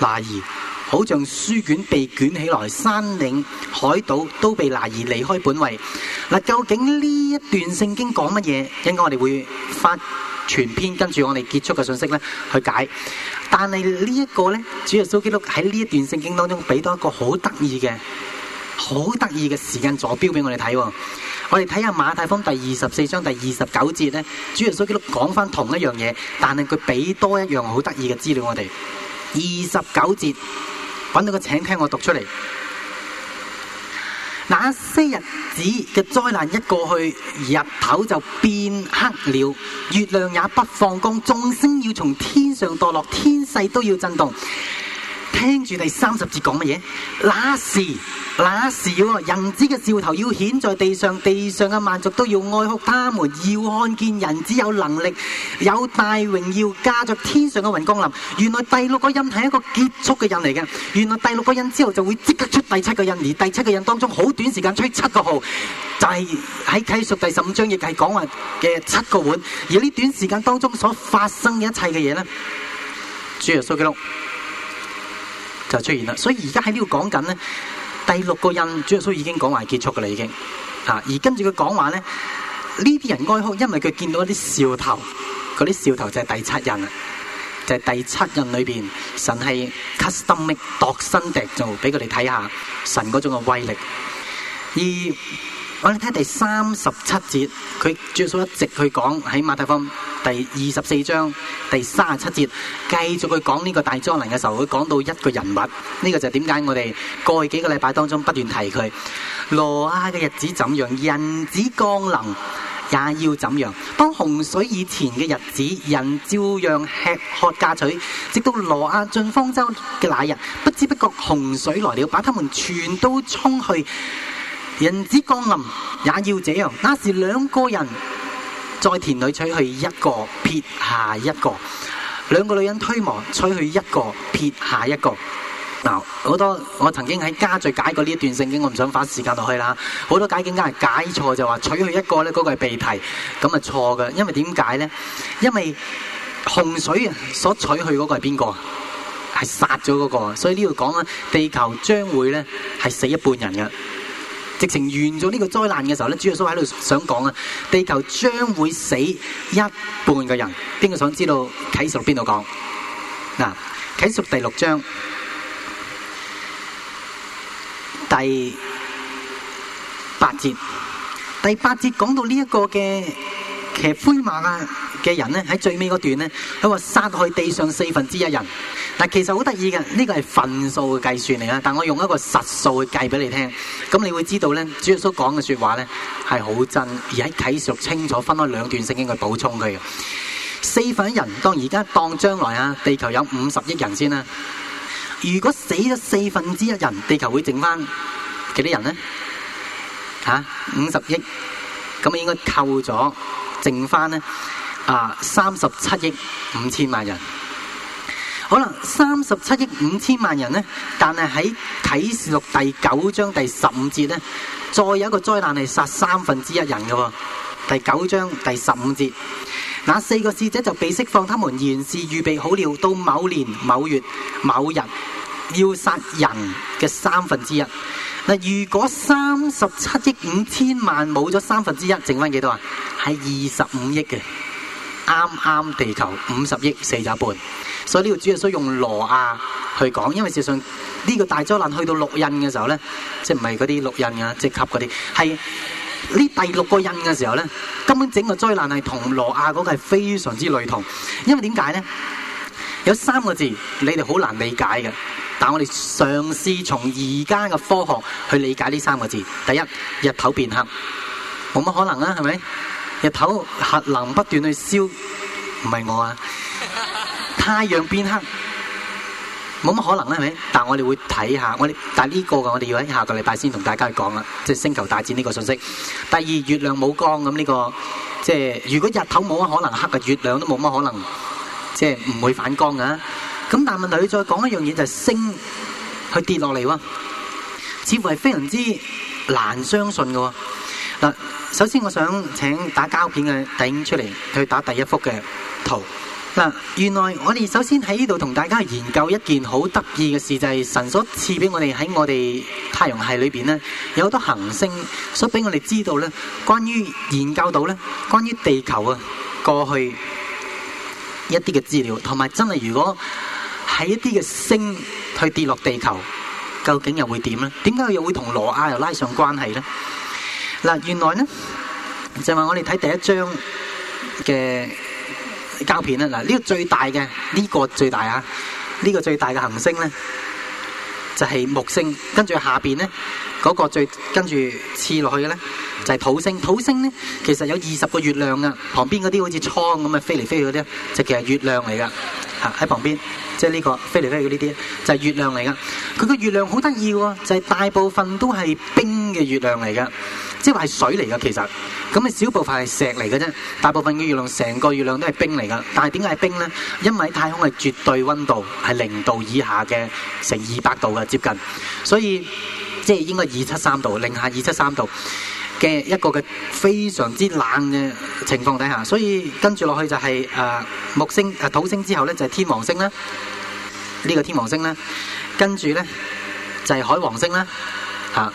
挪移，好像書卷被捲起來，山嶺海島都被挪移離開本位。嗱，究竟呢一段聖經講乜嘢？應該我哋會發。全篇跟住我哋結束嘅信息咧，去解。但係呢一個咧，主耶穌基督喺呢一段聖經當中俾多一個好得意嘅，好得意嘅時間座標俾我哋睇，哦。我哋睇下馬太福音第二十四章第二十九節咧，主耶穌基督講翻同一樣嘢，但係佢俾多一樣好得意嘅資料我哋。二十九節，揾到個請聽我讀出嚟。那些日子嘅災難一過去，日頭就變黑了，月亮也不放光，眾星要從天上墮落，天勢都要震動。聽住第三十節講乜嘢？那時，那時，人子嘅兆頭要顯在地上，地上嘅萬族都要哀哭他們，要看見人子有能力，有大榮耀駕着天上嘅雲降臨。原來第六個印係一個結束嘅印嚟嘅，原來第六個印之後就會即刻出第七個印，而第七個印當中好短時間吹七個號。就係喺啟述第十五章亦係講話嘅七個碗，而呢短時間當中所發生嘅一切嘅嘢呢？主耶穌記錄。就出現啦，所以而家喺呢度講緊呢第六個印，主耶穌已經講完結束噶啦，已經啊，而跟住佢講話呢，呢啲人哀哭，因為佢見到啲兆頭，嗰啲兆頭就係第七印啊，就係第七印裏邊，神係吸心力度身訂造，仲俾佢哋睇下神嗰種嘅威力，依。我哋睇第三十七節，佢轉數一直去講喺馬太福音第二十四章第三十七節，繼續去講呢個大災難嘅時候，會講到一個人物。呢、這個就係點解我哋過去幾個禮拜當中不斷提佢。挪亞嘅日子怎樣？人子降臨，也要怎樣？當洪水以前嘅日子，人照樣吃喝嫁娶，直到挪亞進方舟嘅那日，不知不覺洪水來了，把他們全都沖去。人子降臨也要這樣，那時兩個人在田裏取去一個，撇下一個；兩個女人推磨取去一個，撇下一個。嗱，好多我曾經喺家聚解過呢一段聖經，我唔想花時間落去啦。好多解經家係解錯就話取去一個咧，嗰個係被提，咁啊錯嘅，因為點解咧？因為洪水所取去嗰個係邊個？係殺咗嗰個，所以呢度講啦，地球將會咧係死一半人嘅。直情完咗呢個災難嘅時候咧，主耶穌喺度想講啊，地球將會死一半嘅人。邊個想知道？啟示邊度講？嗱，啟示第六章第八節，第八節講到呢一個嘅騎灰馬啊。嘅人呢，喺最尾嗰段呢，佢話殺害地上四分之一人。嗱，其實好得意嘅，呢個係分數嘅計算嚟啊。但我用一個實數去計俾你聽，咁你會知道呢，主耶穌講嘅說話呢係好真，而喺啟示清楚分開兩段聖經去補充佢嘅四分一人。人當而家當將來啊，地球有五十億人先啦，啊。如果死咗四分之一人，地球會剩翻幾多人呢？吓，啊，五十億，咁啊應該扣咗，剩翻呢。啊，三十七億五千萬人，可能三十七億五千萬人呢？但係喺啟示錄第九章第十五節呢，再有一個災難係殺三分之一人嘅、哦。第九章第十五節，那四個使者就被釋放，他們原是預備好了到某年某月某日要殺人嘅三分之一。嗱，如果三十七億五千萬冇咗三分之一，剩翻幾多啊？係二十五億嘅。啱啱地球五十億四咋半，所以呢個主要需要用羅亞去講，因為事實上呢個大災難去到六印嘅時候呢，即係唔係嗰啲六印啊，即係級嗰啲，係呢第六個印嘅時候呢，根本整個災難係同羅亞嗰個係非常之雷同，因為點解呢？有三個字你哋好難理解嘅，但我哋嘗試從而家嘅科學去理解呢三個字。第一，日頭變黑，冇乜可能啦、啊，係咪？日頭核能不斷去燒，唔係我啊，太陽變黑，冇乜可能啦，係咪？但係我哋會睇下，我哋但係呢個嘅，我哋要喺下個禮拜先同大家去講啦，即係星球大戰呢個信息。第二，月亮冇光咁呢個，即係如果日頭冇啊，可能冇乜可能黑嘅月亮都冇乜可能，即係唔會反光嘅。咁但係問題，佢再講一樣嘢，就係星去跌落嚟喎，似乎係非常之難相信嘅嗱。首先，我想請打膠片嘅頂出嚟，去打第一幅嘅圖。嗱，原來我哋首先喺呢度同大家研究一件好得意嘅事，就係神所賜俾我哋喺我哋太陽系裏邊呢，有好多行星，所俾我哋知道呢，關於研究到呢，關於地球啊過去一啲嘅資料，同埋真係如果喺一啲嘅星去跌落地球，究竟又會點呢？點解又會同挪亞又拉上關係呢？嗱，原來咧就話我哋睇第一張嘅膠片啦。嗱，呢個最大嘅呢個最大啊，呢個最大嘅行星咧就係木星。跟住下面咧嗰個最跟住刺落去嘅咧就係土星。土星咧其實有二十個月亮噶，旁邊嗰啲好似蒼咁啊飛嚟飛去嗰啲就其實月亮嚟噶。喺旁邊，即係呢個飛嚟飛去呢啲就係月亮嚟噶。佢個月亮好得意喎，就係大部分都係冰嘅月亮嚟噶。即係話係水嚟噶，其實咁你、那個、小部分係石嚟嘅啫，大部分嘅月亮，成個月亮都係冰嚟噶。但係點解係冰咧？因為太空係絕對溫度係零度以下嘅，成二百度嘅接近，所以即係、就是、應該二七三度，零下二七三度嘅一個嘅非常之冷嘅情況底下，所以跟住落去就係誒木星啊土星之後咧就係天王星啦，呢、這個天王星啦，跟住咧就係海王星啦。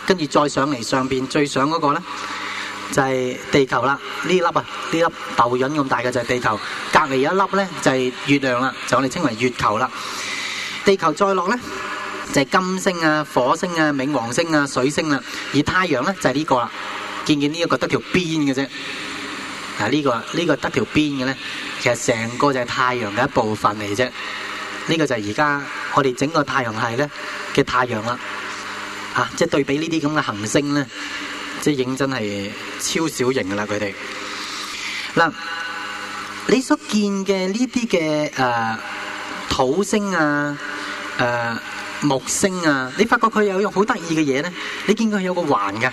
跟住再上嚟上邊最上嗰個呢，就係、是、地球啦，呢粒啊呢粒豆潤咁大嘅就係地球，隔籬有一粒呢，就係、是、月亮啦，就我哋稱為月球啦。地球再落呢，就係、是、金星啊、火星啊、冥王星啊、水星啦、啊，而太陽呢，就係、是、呢個啦。見唔見呢一個得條邊嘅啫？嗱、這個，呢、這個呢個得條邊嘅呢，其實成個就係太陽嘅一部分嚟啫。呢、這個就係而家我哋整個太陽系呢嘅太陽啦。啊！即係對比呢啲咁嘅行星咧，即係影真係超小型㗎啦，佢哋嗱，你所見嘅呢啲嘅誒土星啊、誒、啊、木星啊，你發覺佢有樣好得意嘅嘢咧，你見佢有一個環㗎。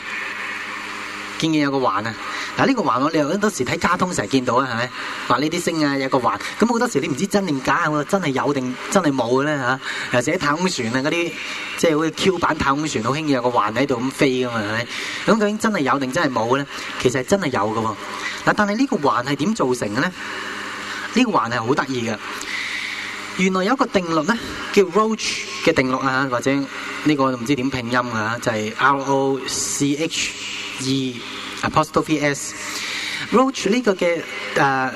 見見有個環啊！嗱，呢個環我你又好多時睇交通成日見到啊，係咪？話呢啲星啊有個環，咁好多時你唔知真定假喎？真係有定真係冇咧嚇？又或者太空船啊嗰啲，即係好似 Q 版太空船，好輕易有個環喺度咁飛噶嘛，係咪？咁究竟真係有定真係冇咧？其實真係有噶喎！嗱，但係呢個環係點造成嘅咧？呢個環係好得意嘅，原來有個定律咧，叫 Roach 嘅定律啊，或者呢個唔知點拼音啊，就係 R O C H。二，Apostolus Roche 呢個嘅誒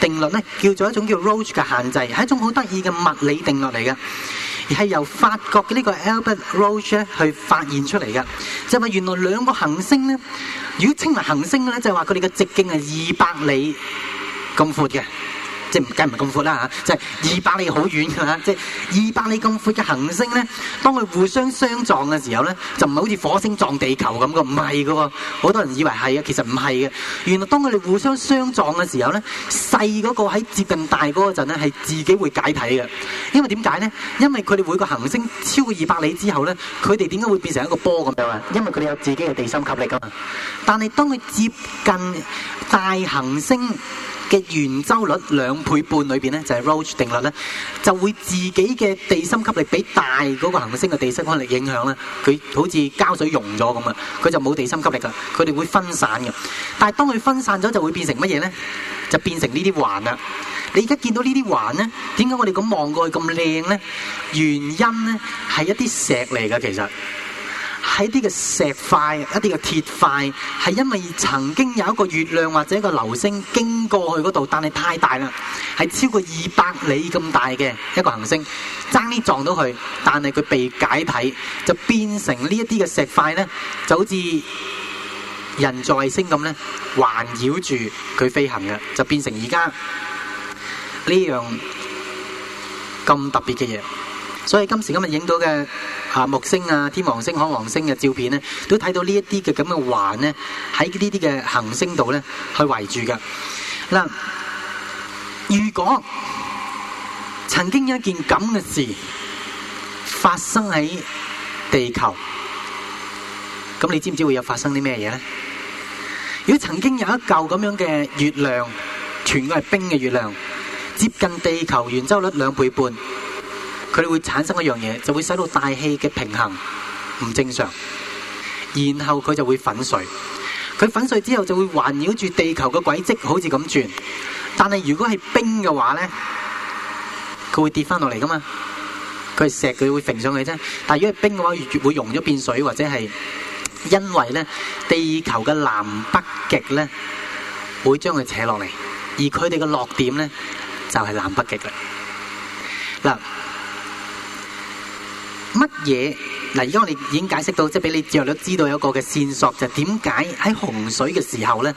定律咧，叫做一種叫 Roche 嘅限制，係一種好得意嘅物理定律嚟嘅，而係由法國嘅呢個 Albert Roche 咧去發現出嚟嘅，就係話原來兩個行星咧，如果稱為行星咧，就係話佢哋嘅直徑係二百里咁闊嘅。即係唔係咁闊啦吓，即係二百里好遠噶啦，即係二百里咁闊嘅行星咧，當佢互相相撞嘅時候咧，就唔係好似火星撞地球咁噶唔係噶喎，好多人以為係啊，其實唔係嘅。原來當佢哋互相相撞嘅時候咧，細嗰個喺接近大嗰陣咧，係自己會解體嘅。因為點解咧？因為佢哋每個行星超過二百里之後咧，佢哋點解會變成一個波咁樣啊？因為佢哋有自己嘅地心吸力㗎嘛。但係當佢接近大行星，嘅圓周率兩倍半裏邊咧，就係 Roche 定律咧，就會自己嘅地心吸力畀大嗰個行星嘅地心吸引力影響咧，佢好似膠水溶咗咁啊，佢就冇地心吸力噶，佢哋會分散嘅。但係當佢分散咗，就會變成乜嘢咧？就變成呢啲環啦。你而家見到呢啲環咧，點解我哋咁望過去咁靚咧？原因咧係一啲石嚟噶，其實。喺啲嘅石塊，一啲嘅鐵塊，係因為曾經有一個月亮或者一個流星經過去嗰度，但係太大啦，係超過二百里咁大嘅一個行星，爭啲撞到佢，但係佢被解體，就變成呢一啲嘅石塊咧，就好似人在星咁咧，環繞住佢飛行嘅，就變成而家呢樣咁特別嘅嘢。所以今時今日影到嘅啊木星啊天王星、海王星嘅照片咧，都睇到這些的呢一啲嘅咁嘅環咧，喺呢啲嘅行星度咧，去圍住嘅。嗱，如果曾經有一件咁嘅事發生喺地球，咁你知唔知會有發生啲咩嘢咧？如果曾經有一嚿咁樣嘅月亮，全部係冰嘅月亮，接近地球圓周率兩倍半。佢哋會產生一樣嘢，就會使到大氣嘅平衡唔正常，然後佢就會粉碎。佢粉碎之後就會環繞住地球嘅軌跡，好似咁轉。但係如果係冰嘅話咧，佢會跌返落嚟㗎嘛。佢石佢會揈上去啫。但係如果係冰嘅話，越會溶咗變水，或者係因為咧地球嘅南北極咧會將佢扯落嚟，而佢哋嘅落點咧就係南北極啦。嗱。乜嘢嗱？而家我哋已經解釋到，即係俾你弱咗知道有一個嘅線索，就點解喺洪水嘅時候呢，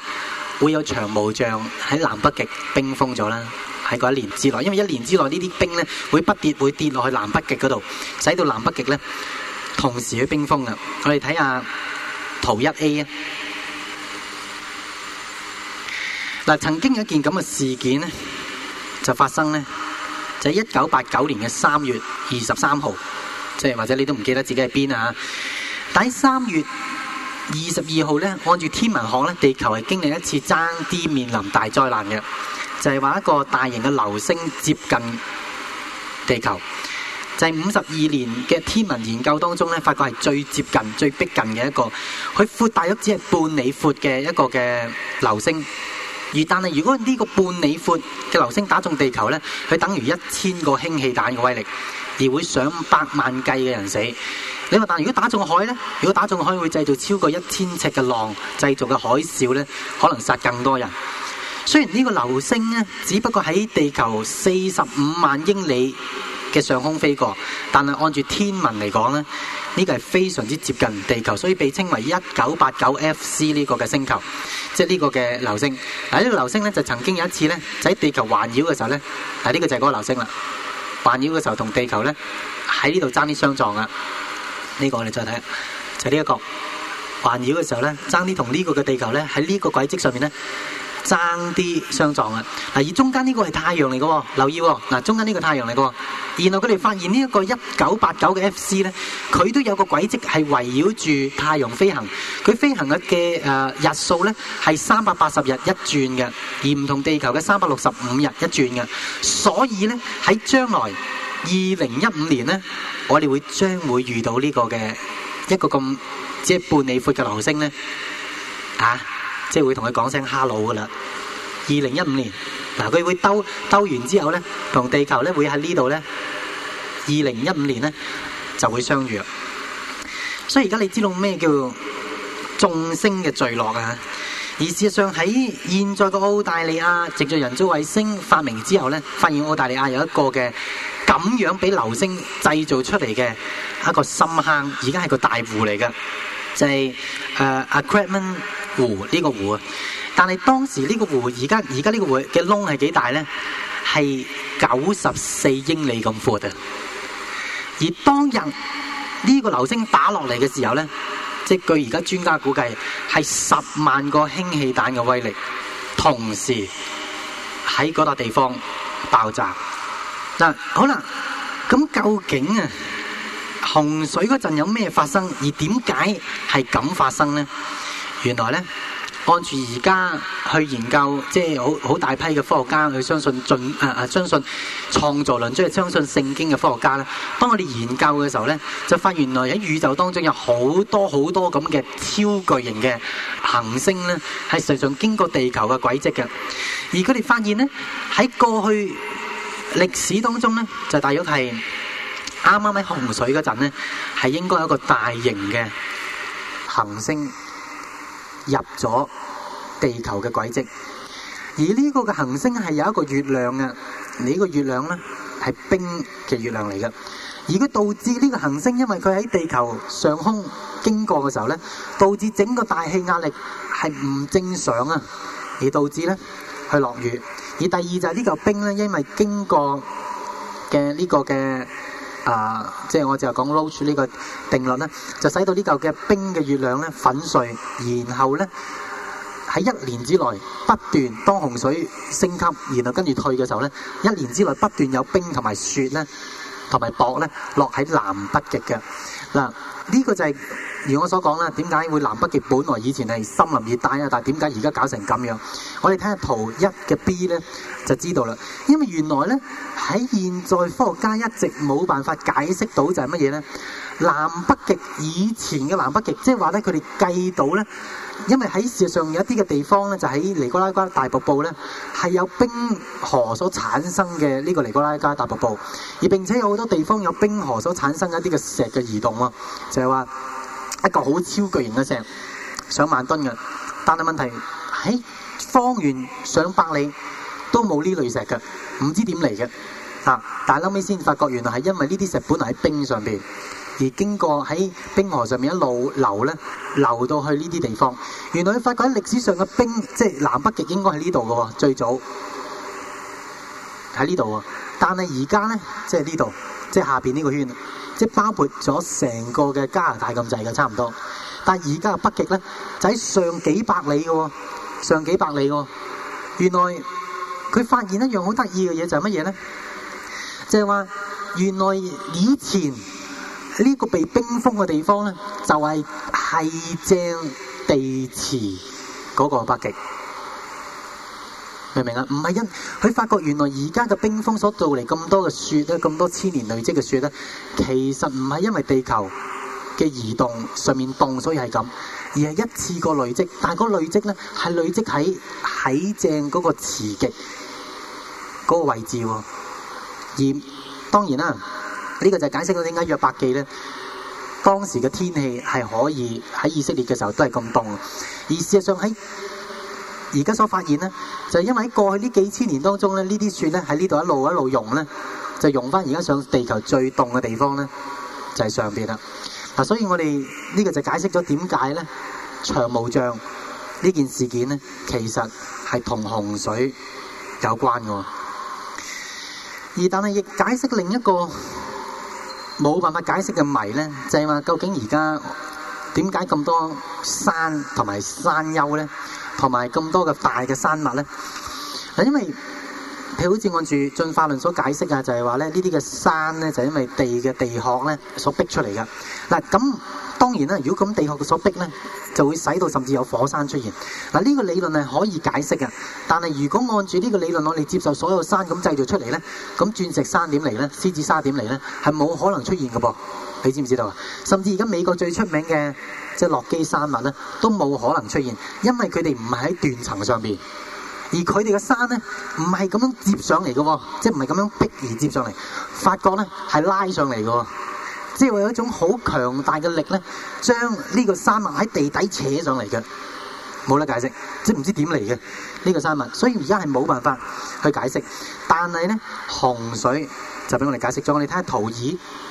會有長毛象喺南北極冰封咗啦？喺嗰一年之內，因為一年之內呢啲冰呢會不跌，會跌落去南北極嗰度，使到南北極呢同時去冰封呀。我哋睇下圖一 A 啊！嗱，曾經有一件咁嘅事件呢，就發生呢，就係一九八九年嘅三月二十三號。即係或者你都唔記得自己喺邊啊！但喺三月二十二號咧，按住天文學咧，地球係經歷一次爭啲面臨大災難嘅，就係話一個大型嘅流星接近地球。就係五十二年嘅天文研究當中呢，發覺係最接近、最逼近嘅一個。佢闊大約只係半里闊嘅一個嘅流星。而但係，如果呢個半里闊嘅流星打中地球呢，佢等於一千個氫氣彈嘅威力。而會上百萬計嘅人死。你話，但如果打中海呢？如果打中海會製造超過一千尺嘅浪，製造嘅海嘯呢可能殺更多人。雖然呢個流星呢，只不過喺地球四十五萬英里嘅上空飛過，但係按住天文嚟講呢，呢個係非常之接近地球，所以被稱為一九八九 F C 呢個嘅星球，即係呢個嘅流星。喺呢個流星呢，就曾經有一次呢，就喺地球環繞嘅時候呢，啊呢個就係嗰個流星啦。環繞嘅時候同地球呢，在喺呢度爭啲相撞啊！呢個我哋再睇，就呢、是、一個環繞嘅時候咧，爭啲同呢個嘅地球呢，在喺呢個軌跡上面呢爭啲相撞啊！嗱，而中間呢個係太陽嚟嘅，留意喎，嗱，中間呢個太陽嚟嘅。然後佢哋發現呢一個一九八九嘅 F C 呢，佢都有個軌跡係圍繞住太陽飛行。佢飛行嘅嘅日數呢係三百八十日一轉嘅，而唔同地球嘅三百六十五日一轉嘅。所以呢，喺將來二零一五年呢，我哋會將會遇到呢個嘅一個咁即係半理闊嘅流星呢。啊。即係會同佢講聲哈嘍噶啦，二零一五年，嗱佢會兜兜完之後咧，同地球咧會喺呢度咧，二零一五年咧就會相遇啦。所以而家你知道咩叫眾星嘅墜落啊？而事實上喺現在個澳大利亞，藉著人造衛星發明之後咧，發現澳大利亞有一個嘅咁樣俾流星製造出嚟嘅一個深坑，而家係個大湖嚟噶，就係誒阿克曼。呃湖，呢個湖啊，但係當時呢個湖，而家而家呢個湖嘅窿係幾大咧？係九十四英里咁闊嘅。而當日呢個流星打落嚟嘅時候咧，即係據而家專家估計係十萬個氫氣彈嘅威力，同時喺嗰笪地方爆炸。嗱，好啦，咁究竟啊洪水嗰陣有咩發生，而點解係咁發生咧？原來咧，按住而家去研究，即係好好大批嘅科學家去相信進、呃、相信創造論，即係相信聖經嘅科學家咧。當我哋研究嘅時候咧，就發現原來喺宇宙當中有好多好多咁嘅超巨型嘅行星咧，係常常經過地球嘅軌跡嘅。而佢哋發現咧，喺過去歷史當中咧，就大約係啱啱喺洪水嗰陣咧，係應該有一個大型嘅行星。入咗地球嘅軌跡，而呢個嘅行星係有一個月亮嘅。你呢個月亮咧係冰嘅月亮嚟嘅，而佢導致呢個行星因為佢喺地球上空經過嘅時候咧，導致整個大氣壓力係唔正常啊，而導致咧去落雨。而第二就係呢個冰咧，因為經過嘅呢個嘅。啊、呃，即係我就係講撈出呢個定律咧，就使到呢嚿嘅冰嘅月亮咧粉碎，然後咧喺一年之內不斷當洪水升級，然後跟住退嘅時候咧，一年之內不斷有冰同埋雪咧同埋薄咧落喺南北極嘅嗱，呢、這個就係、是。如我所講啦，點解會南北極本來以前係森林熱帶啊？但係點解而家搞成咁樣？我哋睇下圖一嘅 B 呢就知道啦。因為原來呢，喺現在科學家一直冇辦法解釋到就係乜嘢呢？南北極以前嘅南北極，即係話呢，佢哋計到呢，因為喺事實上有一啲嘅地方呢，就喺尼古拉加大瀑布呢，係有冰河所產生嘅呢個尼古拉加大瀑布，而並且有好多地方有冰河所產生一啲嘅石嘅移動啊，就係話。一個好超巨型嘅石，上萬噸嘅，但係問題喺、哎、方圓上百里都冇呢類石嘅，唔知點嚟嘅，啊！但係後尾先發覺，原來係因為呢啲石本來喺冰上邊，而經過喺冰河上面一路流咧，流到去呢啲地方。原來佢發覺喺歷史上嘅冰，即係南北極應該喺呢度嘅，最早喺呢度。但係而家咧，即係呢度，即係下邊呢個圈。即係包括咗成個嘅加拿大咁滯嘅差唔多，但係而家嘅北極咧，就喺上幾百里嘅、哦、喎，上幾百里喎、哦。原來佢發現一樣好得意嘅嘢就係乜嘢咧？即係話原來以前呢個被冰封嘅地方咧，就係係正地磁嗰個北極。明唔明啊？唔係，因佢發覺原來而家嘅冰封所做嚟咁多嘅雪咧，咁多千年累積嘅雪咧，其實唔係因為地球嘅移動上面凍所以係咁，而係一次過累積。但係嗰累積咧係累積喺喺正嗰個磁極嗰個位置。而當然啦，呢個就解釋到點解約伯記咧當時嘅天氣係可以喺以色列嘅時候都係咁凍。而事實上喺而家所發現咧，就係、是、因為喺過去呢幾千年當中咧，呢啲雪咧喺呢度一路一路溶，咧，就溶翻而家上地球最凍嘅地方咧，就係、是、上邊啦。嗱、啊，所以我哋呢、這個就解釋咗點解咧長毛象呢件事件咧，其實係同洪水有關嘅。而但係亦解釋另一個冇辦法解釋嘅謎咧，就係、是、話究竟而家點解咁多山同埋山丘咧？同埋咁多嘅大嘅山脈咧，係因為。佢好似按住進化論所解釋啊，就係話咧呢啲嘅山咧就因為地嘅地殼咧所逼出嚟嘅。嗱咁當然啦，如果咁地殼嘅所逼咧，就會使到甚至有火山出現。嗱呢個理論係可以解釋嘅，但係如果按住呢個理論，我哋接受所有山咁製造出嚟咧，咁鑽石山點嚟咧？獅子山點嚟咧？係冇可能出現嘅噃。你知唔知道啊？甚至而家美國最出名嘅即係洛基山脈咧，都冇可能出現，因為佢哋唔係喺斷層上面。而佢哋嘅山咧，唔係咁樣接上嚟嘅，即係唔係咁樣逼而接上嚟，發覺咧係拉上嚟嘅，即係有一種好強大嘅力咧，將呢個山脈喺地底扯上嚟嘅，冇得解釋，即係唔知點嚟嘅呢個山脈，所以而家係冇辦法去解釋。但係咧，洪水就俾我哋解釋咗，我哋睇下圖二。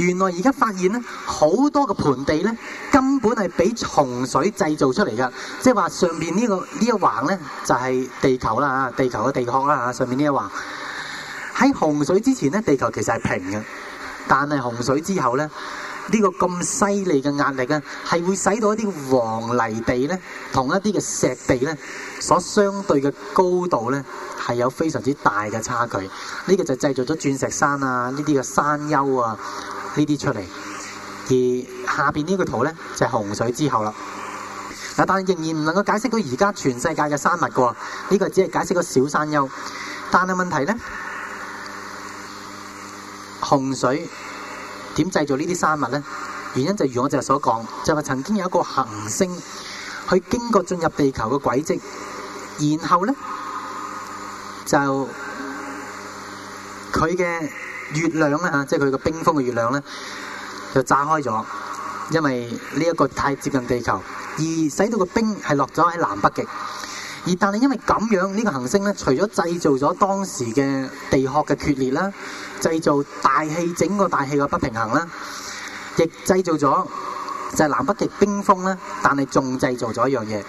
原來而家發現咧，好多個盆地咧，根本係俾洪水製造出嚟㗎。即係話上面、這個這個、呢個呢一橫咧，就係、是、地球啦嚇，地球嘅地殼啦嚇，上面呢一橫。喺洪水之前咧，地球其實係平嘅。但係洪水之後咧，呢、這個咁犀利嘅壓力咧，係會使到一啲黃泥地咧，同一啲嘅石地咧，所相對嘅高度咧，係有非常之大嘅差距。呢、這個就製造咗鑽石山啊，呢啲嘅山丘啊。呢啲出嚟。而下邊呢個圖咧就係洪水之後啦。嗱，但係仍然唔能夠解釋到而家全世界嘅生物噶呢個只係解釋個小山丘。但係問題咧，洪水點製造呢啲生物咧？原因就如我今日所講，就係曾經有一個行星去經過進入地球嘅軌跡，然後咧就佢嘅。月亮啦，即係佢個冰封嘅月亮咧，就炸開咗，因為呢一個太接近地球，而使到個冰係落咗喺南北極。而但係因為咁樣，呢個行星咧，除咗製造咗當時嘅地殼嘅決裂啦，製造大氣整個大氣嘅不平衡啦，亦製造咗就係南北極冰封啦。但係仲製造咗一樣嘢，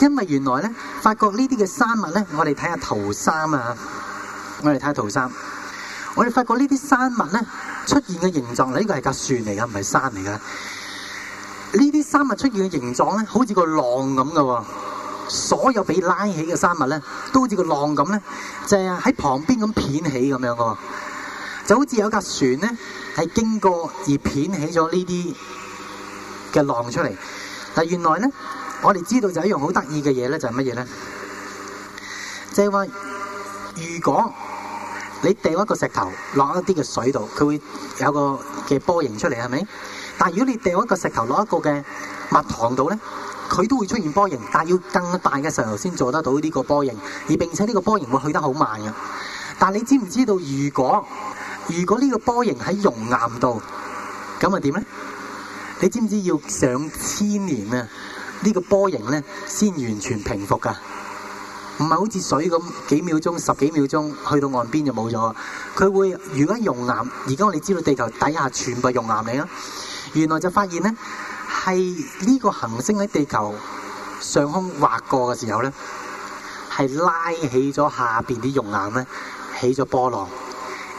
因為原來咧，發覺呢啲嘅生物咧，我哋睇下圖三啊，我哋睇下圖三。我哋發覺呢啲山脈咧，出現嘅形狀，呢個係架船嚟㗎，唔係山嚟㗎。呢啲山脈出現嘅形狀咧，好似個浪咁㗎喎。所有被拉起嘅山脈咧，都好似個浪咁咧，就係喺旁邊咁片起咁樣㗎。就好似有架船咧，係經過而片起咗呢啲嘅浪出嚟。但原來咧，我哋知道就係一樣好得意嘅嘢咧，就係乜嘢咧？就係話，如果。你掟一個石頭落一啲嘅水度，佢會有個嘅波形出嚟，係咪？但係如果你掟一個石頭落一個嘅蜜糖度咧，佢都會出現波形，但係要更大嘅石頭先做得到呢個波形，而並且呢個波形會去得好慢嘅。但係你知唔知道如，如果如果呢個波形喺熔岩度，咁啊點咧？你知唔知道要上千年啊？呢、這個波形咧先完全平復噶？唔係好似水咁幾秒鐘、十幾秒鐘去到岸邊就冇咗。佢會如果溶岩，而家我哋知道地球底下全部溶岩嚟啊。原來就發現呢係呢個行星喺地球上空滑過嘅時候呢，係拉起咗下邊啲熔岩呢，起咗波浪。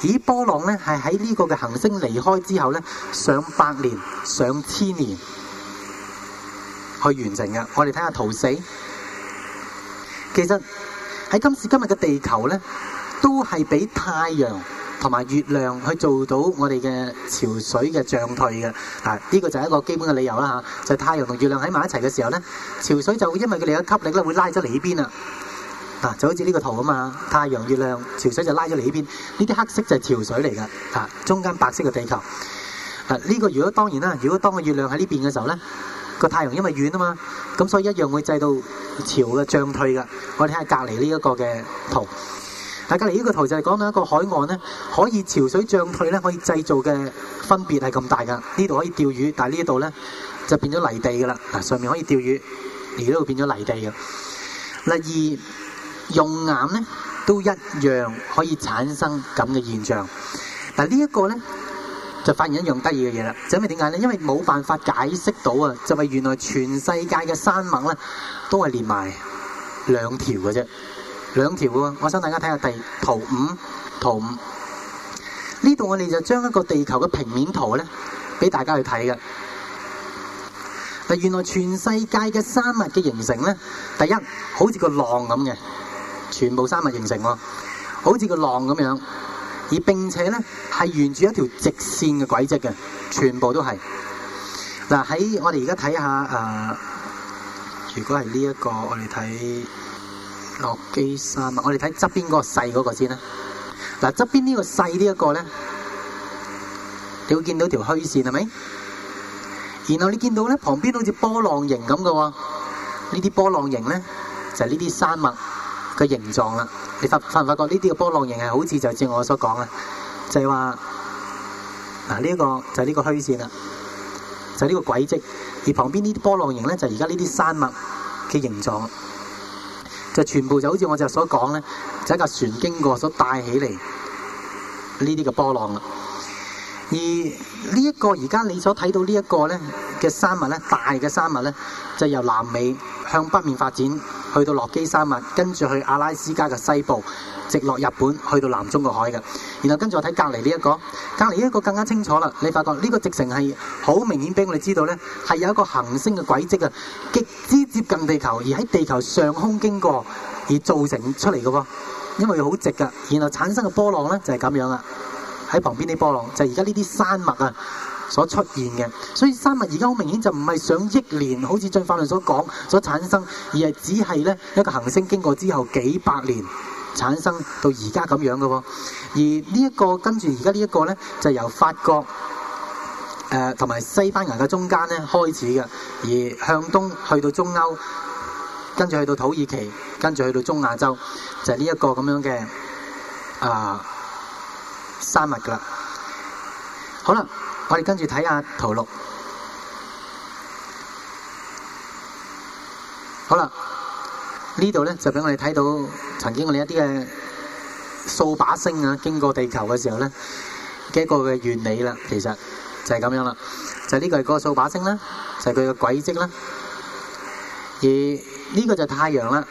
而波浪呢係喺呢個嘅行星離開之後呢，上百年、上千年去完成嘅。我哋睇下圖四。其實喺今時今日嘅地球咧，都係俾太陽同埋月亮去做到我哋嘅潮水嘅漲退嘅。啊，呢個就係一個基本嘅理由啦。吓、啊，就係太陽同月亮喺埋一齊嘅時候咧，潮水就會因為佢哋嘅吸力咧，會拉咗嚟呢邊啦。啊，就好似呢個圖啊嘛，太陽、月亮、潮水就拉咗嚟呢邊。呢啲黑色就係潮水嚟噶。啊，中間白色嘅地球。啊，呢個如果當然啦，如果當個月亮喺呢邊嘅時候咧。個太陽因為遠啊嘛，咁所以一樣會製到潮嘅漲退噶。我哋睇下隔離呢一個嘅圖，但隔離呢個圖就係講到一個海岸咧，可以潮水漲退咧可以製造嘅分別係咁大噶。呢度可以釣魚，但係呢度咧就變咗泥地噶啦。嗱，上面可以釣魚，而呢度變咗泥地嘅。例如用岩咧都一樣可以產生咁嘅現象。嗱，呢一個咧。就發現一樣得意嘅嘢啦，就因為點解咧？因為冇辦法解釋到啊，就係、是、原來全世界嘅山脈咧，都係連埋兩條嘅啫，兩條嘅。我想大家睇下第圖五，圖五呢度我哋就將一個地球嘅平面圖咧，俾大家去睇嘅。但原來全世界嘅山脈嘅形成咧，第一好似個浪咁嘅，全部山脈形成喎，好似個浪咁樣。而並且呢係沿住一條直線嘅軌跡嘅，全部都係嗱。喺我哋而家睇下，如果係呢一個，我哋睇落基山脈啊，哦、3, 我哋睇側邊嗰、那個細嗰個先啦。嗱、這個，側邊呢個細呢一個呢，你會見到一條虛線係咪？然後你見到呢，旁邊好似波浪形咁嘅喎，呢啲波浪形呢，就係呢啲山脈。嘅形狀啦，你發發唔發覺呢啲嘅波浪形係好似就似我所講啦，就係話嗱呢一個就係呢個虛線啦，就係、是、呢個軌跡、就是，而旁邊呢啲波浪形咧就而家呢啲山脈嘅形狀，就全部就好似我哋所講咧，就一架船經過所帶起嚟呢啲嘅波浪啦。而呢、這、一個而家你所睇到的呢一個咧嘅山脈咧，大嘅山脈咧，就由南美向北面發展。去到洛基山脈，跟住去阿拉斯加嘅西部，直落日本，去到南中國海嘅。然後跟住我睇隔離呢一個，隔離呢一個更加清楚啦。你發覺呢個直程係好明顯俾我哋知道，呢係有一個行星嘅軌跡啊，極之接近地球而喺地球上空經過而造成出嚟嘅噃。因為好直噶，然後產生嘅波浪呢就係咁樣啊。喺旁邊啲波浪就係而家呢啲山脈啊。所出現嘅，所以山脈而家好明顯就唔係上億年，好似進化論所講所產生，而係只係咧一個行星經過之後幾百年產生到而家咁樣嘅喎。而、這個、呢一個跟住而家呢一個咧，就由法國誒同埋西班牙嘅中間咧開始嘅，而向東去到中歐，跟住去到土耳其，跟住去到中亞洲，就係呢一個咁樣嘅啊山脈噶啦。好啦。我哋跟住睇下圖六，好啦，呢度呢就俾我哋睇到曾經我哋一啲嘅掃把星啊，經過地球嘅時候呢嘅一個嘅原理啦，其實就係咁樣啦，就呢、係、個係個掃把星啦，就佢、係、嘅軌跡啦，而呢個就係太陽啦，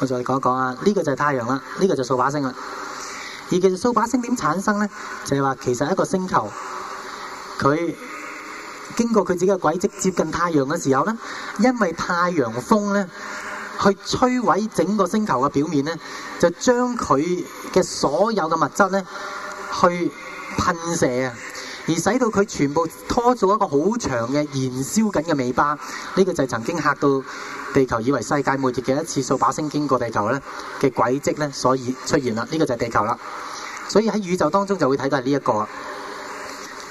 我再講一講啊，呢、呢個就係太陽啦，呢、呢個就掃把星啦。而其實掃把星點產生呢，就係話其實一個星球佢經過佢自己嘅軌跡接近太陽嘅時候呢，因為太陽風呢去摧毀整個星球嘅表面呢，就將佢嘅所有嘅物質呢去噴射啊！而使到佢全部拖咗一個好長嘅燃燒緊嘅尾巴，呢個就係曾經嚇到地球以為世界末日嘅一次掃把星經過地球咧嘅軌跡咧，所以出現啦。呢個就係地球啦。所以喺宇宙當中就會睇到係呢一個。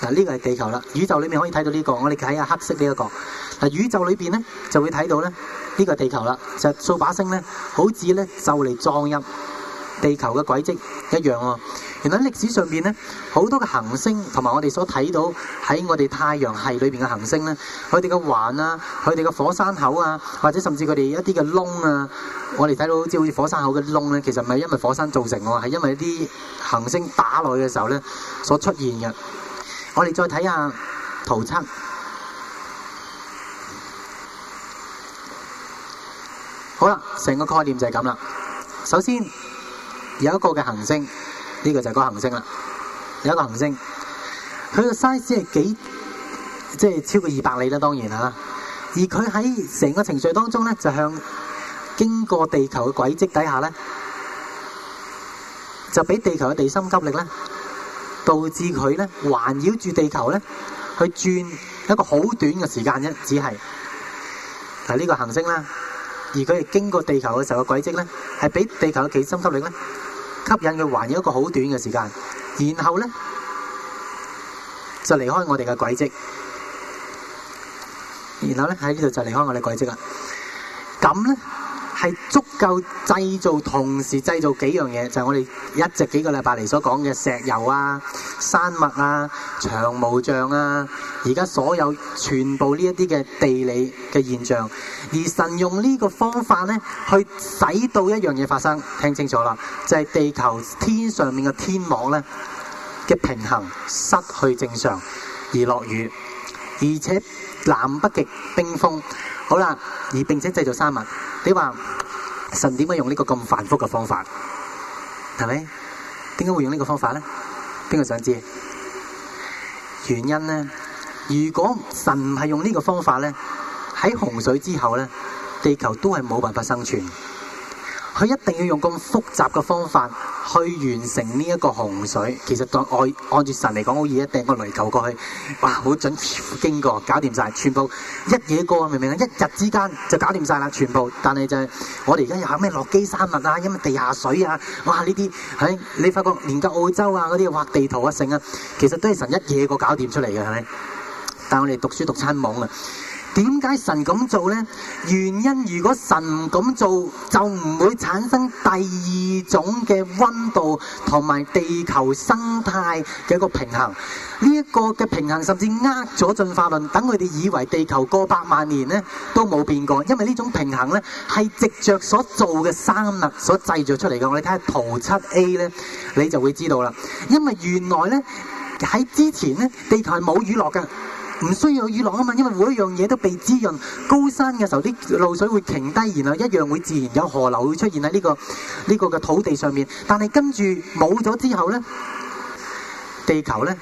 嗱，呢個係地球啦。宇宙裏面可以睇到呢個，我哋睇下黑色呢一個。嗱，宇宙裏邊咧就會睇到咧呢個係地球啦。就係掃把星咧，好似咧就嚟撞入地球嘅軌跡一樣喎。原來歷史上面咧，好多嘅行星同埋我哋所睇到喺我哋太陽系裏邊嘅行星咧，佢哋嘅環啊，佢哋嘅火山口啊，或者甚至佢哋一啲嘅窿啊，我哋睇到好似好似火山口嘅窿咧，其實唔係因為火山造成喎，係因為一啲行星打落去嘅時候咧，所出現嘅。我哋再睇下圖七。好啦，成個概念就係咁啦。首先有一個嘅行星。呢個就係個行星啦，有一個行星，佢個 size 係幾，即係超過二百里啦，當然啊。而佢喺成個程序當中咧，就向經過地球嘅軌跡底下咧，就俾地球嘅地心吸力咧，導致佢咧環繞住地球咧去轉一個好短嘅時間啫，只係啊呢個行星啦。而佢係經過地球嘅時候嘅軌跡咧，係俾地球嘅地心吸力咧。吸引佢還有一個好短嘅時間，然後呢，就離開我哋嘅軌跡，然後呢，喺呢度就離開我哋嘅軌跡啦。噉呢。係足夠製造同時製造幾樣嘢，就係我哋一直幾個禮拜嚟所講嘅石油啊、山脈啊、長毛象啊，而家所有全部呢一啲嘅地理嘅現象，而神用呢個方法呢，去使到一樣嘢發生。聽清楚啦，就係地球天上面嘅天網呢嘅平衡失去正常，而落雨，而且南北極冰封。好啦，而並且製造生物，你話神點解用呢個咁繁複嘅方法？係咪？點解會用呢個方法咧？邊個想知？原因咧？如果神唔係用呢個方法咧，喺洪水之後咧，地球都係冇辦法生存。佢一定要用咁複雜嘅方法去完成呢一個洪水。其實當按按住神嚟講，好易一掟個雷球過去，哇，好準經過，搞掂晒，全部一嘢過，明唔明啊？一日之間就搞掂晒啦，全部。但係就係我哋而家又考咩落基山脈啊，因為地下水啊，哇！呢啲喺你發覺連教澳洲啊嗰啲畫地圖啊剩啊，其實都係神一嘢過搞掂出嚟嘅，係咪？但係我哋讀書讀餐懵啊！點解神咁做呢？原因如果神唔咁做，就唔會產生第二種嘅温度同埋地球生態嘅一個平衡。呢、這、一個嘅平衡甚至呃咗進化論，等佢哋以為地球過百萬年呢，都冇變過。因為呢種平衡呢，係直着所做嘅生物所製造出嚟嘅。我哋睇下圖七 A 呢，你就會知道啦。因為原來呢，喺之前呢，地球係冇雨落噶。唔需要雨落啊嘛，因為每一樣嘢都被滋潤。高山嘅時候，啲露水會停低，然後一樣會自然有河流會出現喺呢個呢個嘅土地上面。但係跟住冇咗之後呢，地球呢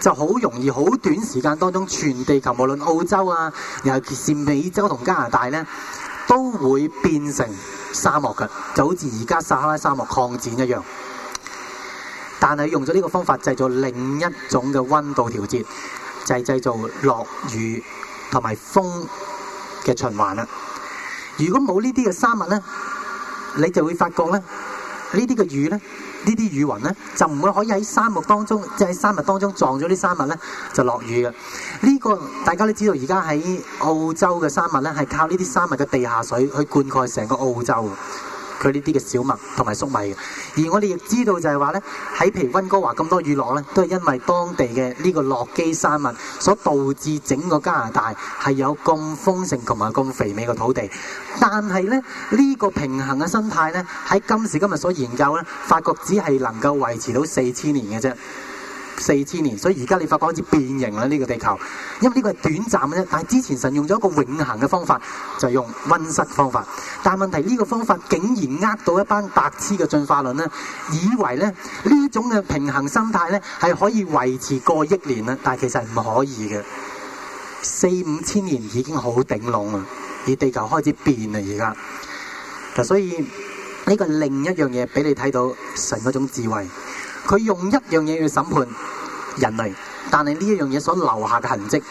就好容易好短時間當中，全地球無論澳洲啊，尤其是美洲同加拿大呢，都會變成沙漠㗎，就好似而家撒哈拉沙漠擴展一樣。但係用咗呢個方法製造另一種嘅溫度調節。就係製造落雨同埋風嘅循環啦。如果冇呢啲嘅山脈咧，你就會發覺咧，這些的呢啲嘅雨咧，呢啲雨雲咧，就唔會可以喺山脈當中，即係喺山脈當中撞咗啲山脈咧，就落雨嘅。呢、這個大家都知道，而家喺澳洲嘅山脈咧，係靠呢啲山脈嘅地下水去灌溉成個澳洲。佢呢啲嘅小麥同埋粟米嘅，而我哋亦知道就係話咧，喺譬如溫哥華咁多雨落咧，都係因為當地嘅呢個落基山脈所導致整個加拿大係有咁豐盛同埋咁肥美嘅土地，但係咧，呢個平衡嘅生態咧，喺今時今日所研究咧，發覺只係能夠維持到四千年嘅啫。四千年，所以而家你發覺開始變形啦呢個地球，因為呢個係短暫嘅啫。但係之前神用咗一個永恆嘅方法，就用溫室的方法。但問題呢個方法竟然呃到一班白痴嘅進化論呢以為呢呢種嘅平衡心態呢係可以維持過億年啦。但係其實唔可以嘅，四五千年已經好頂籠啦，而地球開始變啦而家。所以呢個另一樣嘢俾你睇到神嗰種智慧。佢用一樣嘢去審判人類，但係呢一樣嘢所留下嘅痕跡，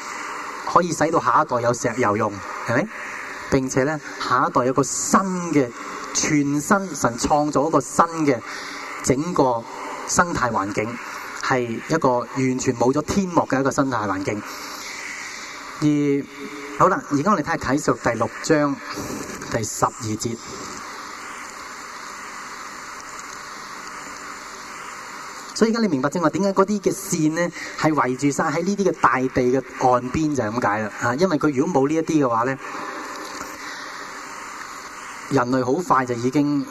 可以使到下一代有石油用，係咪？並且呢，下一代有個新嘅全新神創造一個新嘅整個生態環境，係一個完全冇咗天幕嘅一個生態環境。而好啦，而家我哋睇下啟示錄第六章第十二節。所以而家你明白正話點解嗰啲嘅線呢，係圍住晒喺呢啲嘅大地嘅岸邊，就係咁解啦嚇，因為佢如果冇呢一啲嘅話呢，人類好快就已經，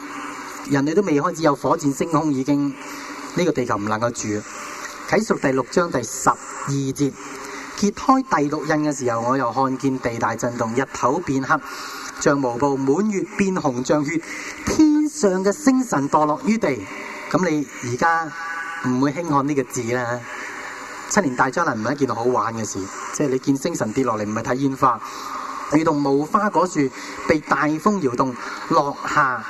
人類都未開始有火箭升空，已經呢個地球唔能夠住。啟示錄第六章第十二節，揭開第六印嘅時候，我又看見地大震動，日頭變黑，像毛布，滿月變紅像血，天上嘅星辰墮落於地。咁你而家？唔會輕看呢個字啦。七年大災難唔係一件好玩嘅事，即係你見星辰跌落嚟，唔係睇煙花，你同無花果樹被大風搖動落下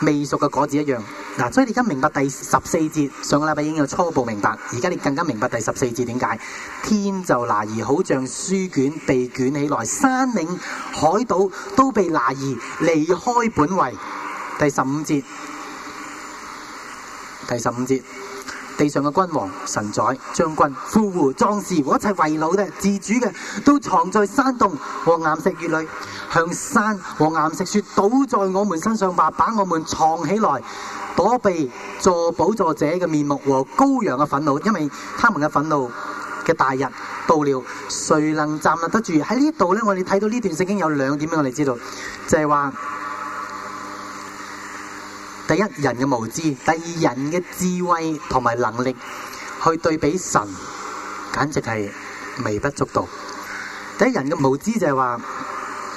未熟嘅果子一樣。嗱，所以你而家明白第十四節上個禮拜已經有初步明白，而家你更加明白第十四節點解天就挪移，好像書卷被卷起來，山嶺海島都被挪移離開本位。第十五節，第十五節。地上嘅君王、臣宰、將軍、富戶、壯士和一切為奴嘅、自主嘅，都藏在山洞和岩石穴裏。向山和岩石説：倒在我們身上吧，把我們藏起來，躲避坐寶座者嘅面目和羔羊嘅憤怒。因為他們嘅憤怒嘅大日到了，誰能站立得住？喺呢度呢，我哋睇到呢段聖經有兩點，畀我哋知道就係話。第一人嘅無知，第二人嘅智慧同埋能力去對比神，簡直係微不足道。第一人嘅無知就係話，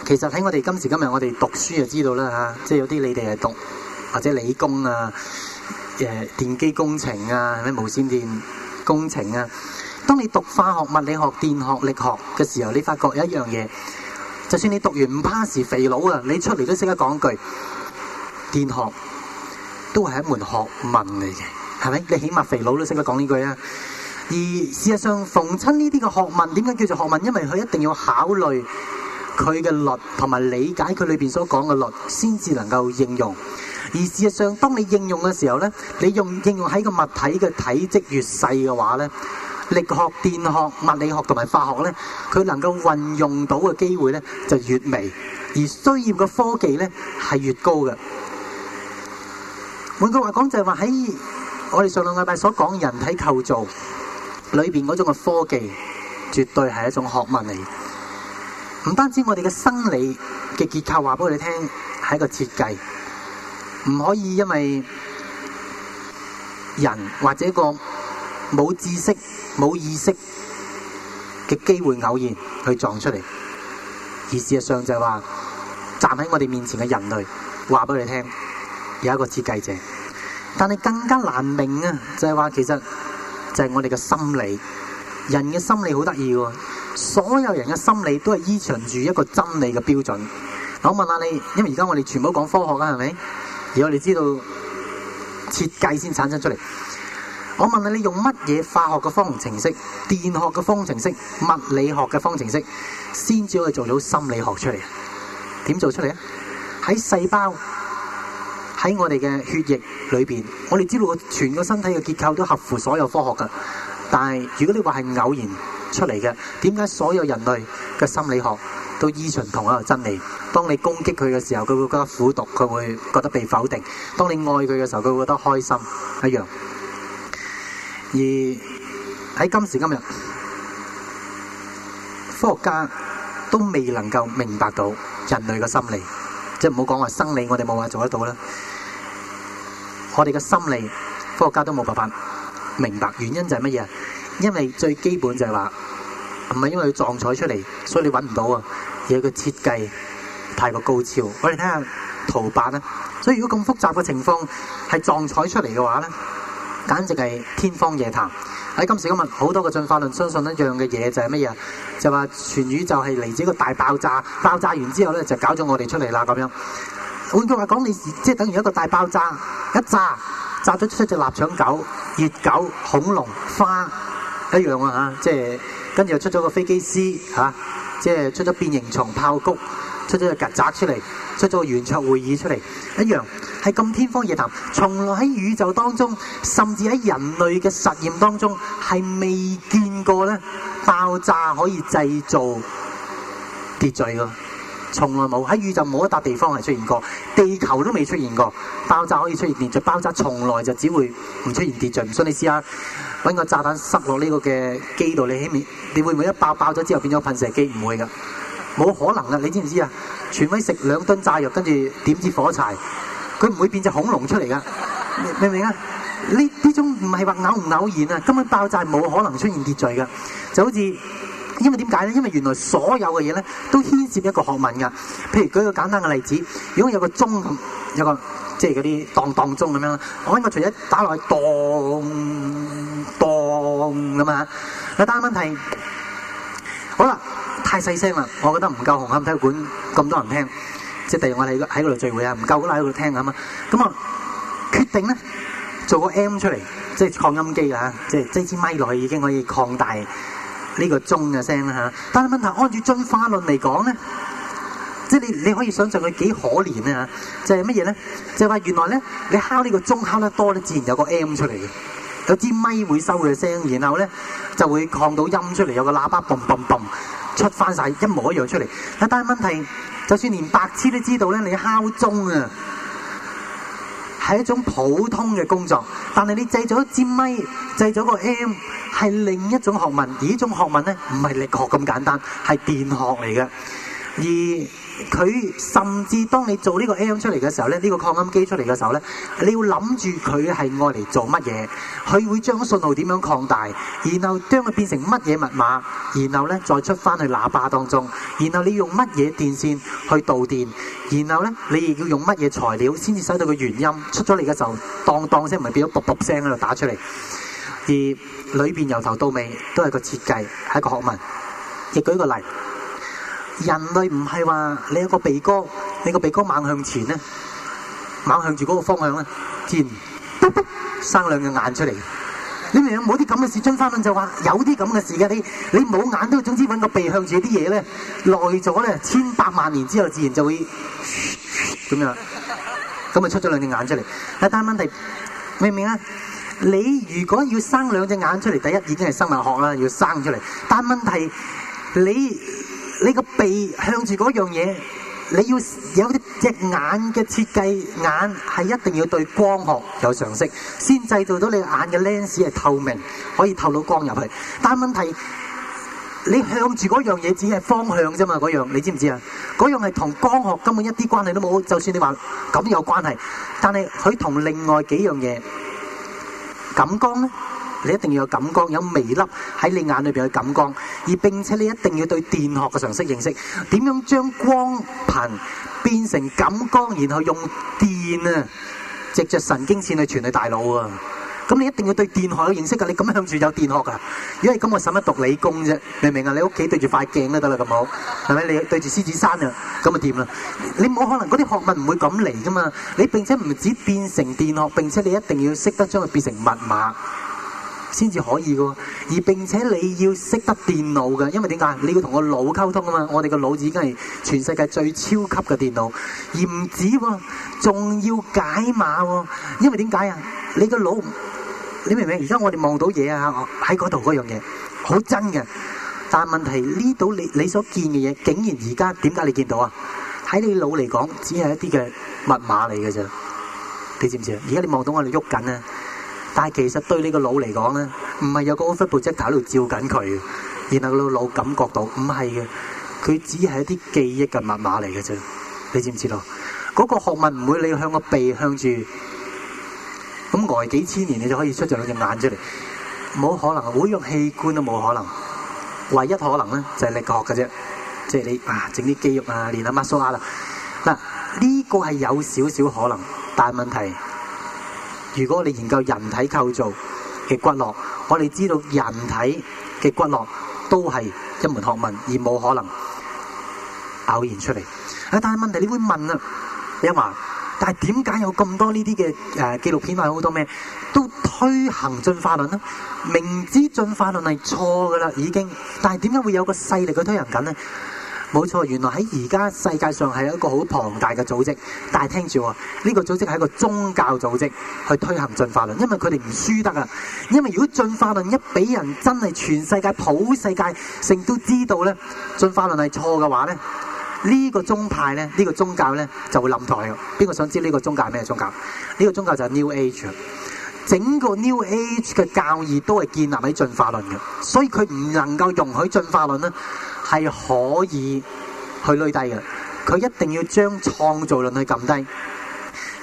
其實喺我哋今時今日，我哋讀書就知道啦，嚇，即係有啲你哋係讀，或者理工啊，誒電機工程啊，咩無線電工程啊。當你讀化學、物理學、電學、力學嘅時候，你發覺有一樣嘢，就算你讀完唔怕時肥佬啦，你出嚟都識得講句電學。都係一門學問嚟嘅，係咪？你起碼肥佬都識得講呢句啊！而事實上，逢親呢啲嘅學問，點解叫做學問？因為佢一定要考慮佢嘅律，同埋理解佢裏邊所講嘅律，先至能夠應用。而事實上，當你應用嘅時候呢，你用應用喺個物體嘅體積越細嘅話呢，力學、電學、物理學同埋化學呢，佢能夠運用到嘅機會呢就越微，而需要嘅科技呢係越高嘅。換句話講就係話，喺我哋上兩禮拜所講人體構造裏邊嗰種嘅科技，絕對係一種學問嚟。唔單止我哋嘅生理嘅結構，話俾你聽係一個設計，唔可以因為人或者一個冇知識、冇意識嘅機會偶然去撞出嚟。而事實上就係話站喺我哋面前嘅人類，話俾你聽。有一個設計者，但係更加難明啊！就係話其實就係我哋嘅心理，人嘅心理好得意喎。所有人嘅心理都係依循住一個真理嘅標準。我問下你，因為而家我哋全部講科學啦，係咪？而我哋知道設計先產生出嚟。我問下你，用乜嘢化學嘅方程式、電學嘅方程式、物理學嘅方程式，先至可以做到心理學出嚟？點做出嚟啊？喺細胞。喺我哋嘅血液裏邊，我哋知道全個身體嘅結構都合乎所有科學㗎。但係，如果你話係偶然出嚟嘅，點解所有人類嘅心理學都依循同一個真理？當你攻擊佢嘅時候，佢會覺得苦毒，佢會覺得被否定；當你愛佢嘅時候，佢會覺得開心一樣。而喺今時今日，科學家都未能夠明白到人類嘅心理，即係唔好講話生理，我哋冇話做得到啦。我哋嘅心理科學家都冇辦法明白原因就係乜嘢？因為最基本就係話唔係因為佢撞彩出嚟，所以你揾唔到啊！而係佢設計太過高超，我哋睇下圖版啦。所以如果咁複雜嘅情況係撞彩出嚟嘅話咧，簡直係天方夜譚。喺今時今日，好多嘅進化論相信一樣嘅嘢就係乜嘢？就話全宇宙係嚟自一個大爆炸，爆炸完之後咧就搞咗我哋出嚟啦咁樣。換句話講，你即係等於一個大爆炸，一炸炸咗出隻臘腸狗、熱狗、恐龍、花，一樣啊！吓、啊，即係跟住又出咗個飛機師吓，即係出咗變形蟲、炮谷，出咗隻曱甴出嚟，出咗個圓桌會議出嚟，一樣係咁天方夜譚，從來喺宇宙當中，甚至喺人類嘅實驗當中，係未見過咧爆炸可以製造秩序噶。從來冇喺宇宙冇一笪地方係出現過，地球都未出現過，爆炸可以出現，連著爆炸從來就只會唔出現秩序。唔信你試下揾個炸彈塞落呢個嘅機度，你起面你會唔會一爆爆咗之後變咗噴射機？唔會㗎，冇可能㗎。你知唔知啊？全威食兩噸炸藥跟住點支火柴，佢唔會變隻恐龍出嚟㗎，明唔明啊？呢呢種唔係話偶唔偶然啊，根本爆炸冇可能出現秩序㗎，就好似。因為點解咧？因為原來所有嘅嘢咧都牽涉一個學問噶。譬如舉個簡單嘅例子，如果有個鐘咁，有個即係嗰啲噹噹鐘咁樣，我應該除咗打落去噹噹咁啊！但係問題好啦，太細聲啦，我覺得唔夠紅磡體育館咁多人聽，即係第日我哋喺嗰度聚會啊，唔夠喺嗰度聽啊嘛。咁我決定咧做個 M 出嚟，即係擴音機啦，即係擠支咪落去已經可以擴大。呢個鐘嘅聲啦嚇，但係問題按照《進化論》嚟講咧，即係你你可以想象佢幾可憐咧嚇，就係乜嘢咧？就係話原來咧，你敲呢個鐘敲得多咧，自然有個 M 出嚟嘅，有支咪會收佢嘅聲，然後咧就會擴到音出嚟，有個喇叭嘣嘣嘣出翻晒，一模一樣出嚟。但係問題，就算連白痴都知道咧，你敲鐘啊！係一種普通嘅工作，但係你製咗支咪，製咗個 M 係另一種學問，而呢種學問咧唔係力學咁簡單，係電學嚟嘅而佢甚至當你做呢個 M 出嚟嘅時候咧，呢個擴音機出嚟嘅時候呢，你要諗住佢係愛嚟做乜嘢？佢會將信號點樣擴大，然後將佢變成乜嘢密碼，然後呢再出翻去喇叭當中，然後你用乜嘢電線去導電，然後呢你亦要用乜嘢材料先至使到個原音出咗嚟嘅時候，噹噹聲唔係變咗卜卜聲喺度打出嚟，而裏邊由頭到尾都係個設計，係一個學問。亦舉個例。人類唔係話你有個鼻哥，你個鼻哥猛向前咧，猛向住嗰個方向咧，自然噗噗生兩隻眼出嚟。你明唔明？冇啲咁嘅事，進化論就話有啲咁嘅事嘅，你你冇眼都總之揾個鼻向住啲嘢咧，耐咗咧，千百萬年之後自然就會咁樣，咁啊出咗兩隻眼出嚟。但係問題明唔明啊？你如果要生兩隻眼出嚟，第一已經係生物學啦，要生出嚟。但係問題你。你個鼻向住嗰樣嘢，你要有一隻眼嘅設計，眼係一定要對光學有常識，先製造到你眼嘅 lens 係透明，可以透到光入去。但問題，你向住嗰樣嘢只係方向啫嘛？嗰樣你知唔知啊？嗰樣係同光學根本一啲關係都冇。就算你話咁有關係，但係佢同另外幾樣嘢，感光咧。你一定要有感光，有微粒喺你眼裏邊嘅感光，而並且你一定要對電學嘅常識認識，點樣將光頻變成感光，然後用電啊，藉著神經線去傳去大腦啊。咁你一定要對電學有認識噶，你咁樣向住有電學噶，如果係咁，我使乜讀理工啫？明唔明啊？你屋企對住塊鏡都得啦咁好，係咪？你對住獅子山啊，咁啊掂啦。你冇可能嗰啲學問唔會咁嚟噶嘛？你並且唔止變成電學，並且你一定要識得將佢變成密碼。先至可以嘅，而並且你要識得電腦嘅，因為點解？你要同個腦溝通啊嘛！我哋個腦已經係全世界最超級嘅電腦，而唔止喎，仲要解碼喎。因為點解啊？你個腦，你明唔明？而家我哋望到嘢啊，喺嗰度嗰樣嘢好真嘅，但問題呢度你你所見嘅嘢，竟然而家點解你見到啊？喺你腦嚟講，只係一啲嘅密碼嚟嘅啫。你知唔知啊？而家你望到我哋喐緊呀。但係其實對你個腦嚟個腦嚟講咧，唔係有個 projector 喺度照緊佢，然後個腦感覺到唔係嘅，佢只係一啲記憶嘅密碼嚟嘅啫。你知唔知道？嗰、那個學問唔會你向個鼻向住咁呆幾千年，你就可以出咗兩隻眼出嚟。冇可能，每一樣器官都冇可能。唯一可能咧就係力學嘅啫，即、就、係、是、你啊整啲肌肉蜜蜜啊練下 muscle 嗱，呢個係有少少可能，但係問題。如果我哋研究人體構造嘅骨骼，我哋知道人體嘅骨骼都係一門學問，而冇可能偶然出嚟。啊，但係問題，你會問啊，一話，但係點解有咁多呢啲嘅誒紀錄片話好多咩都推行進化論呢？明知進化論係錯噶啦，已經，但係點解會有個勢力去推行緊呢？」冇錯，原來喺而家世界上係一個好龐大嘅組織，但係聽住喎、哦，呢、這個組織係一個宗教組織去推行進化論，因為佢哋唔輸得啊！因為如果進化論一俾人真係全世界普世界成都知道咧，進化論係錯嘅話咧，這個、呢個宗派咧，呢、這個宗教咧就會冧台嘅。邊個想知呢個宗教係咩宗教？呢、這個宗教就係 New Age 啦。整個 New Age 嘅教義都係建立喺進化論嘅，所以佢唔能夠容許進化論呢。係可以去累低嘅，佢一定要將創造論去撳低。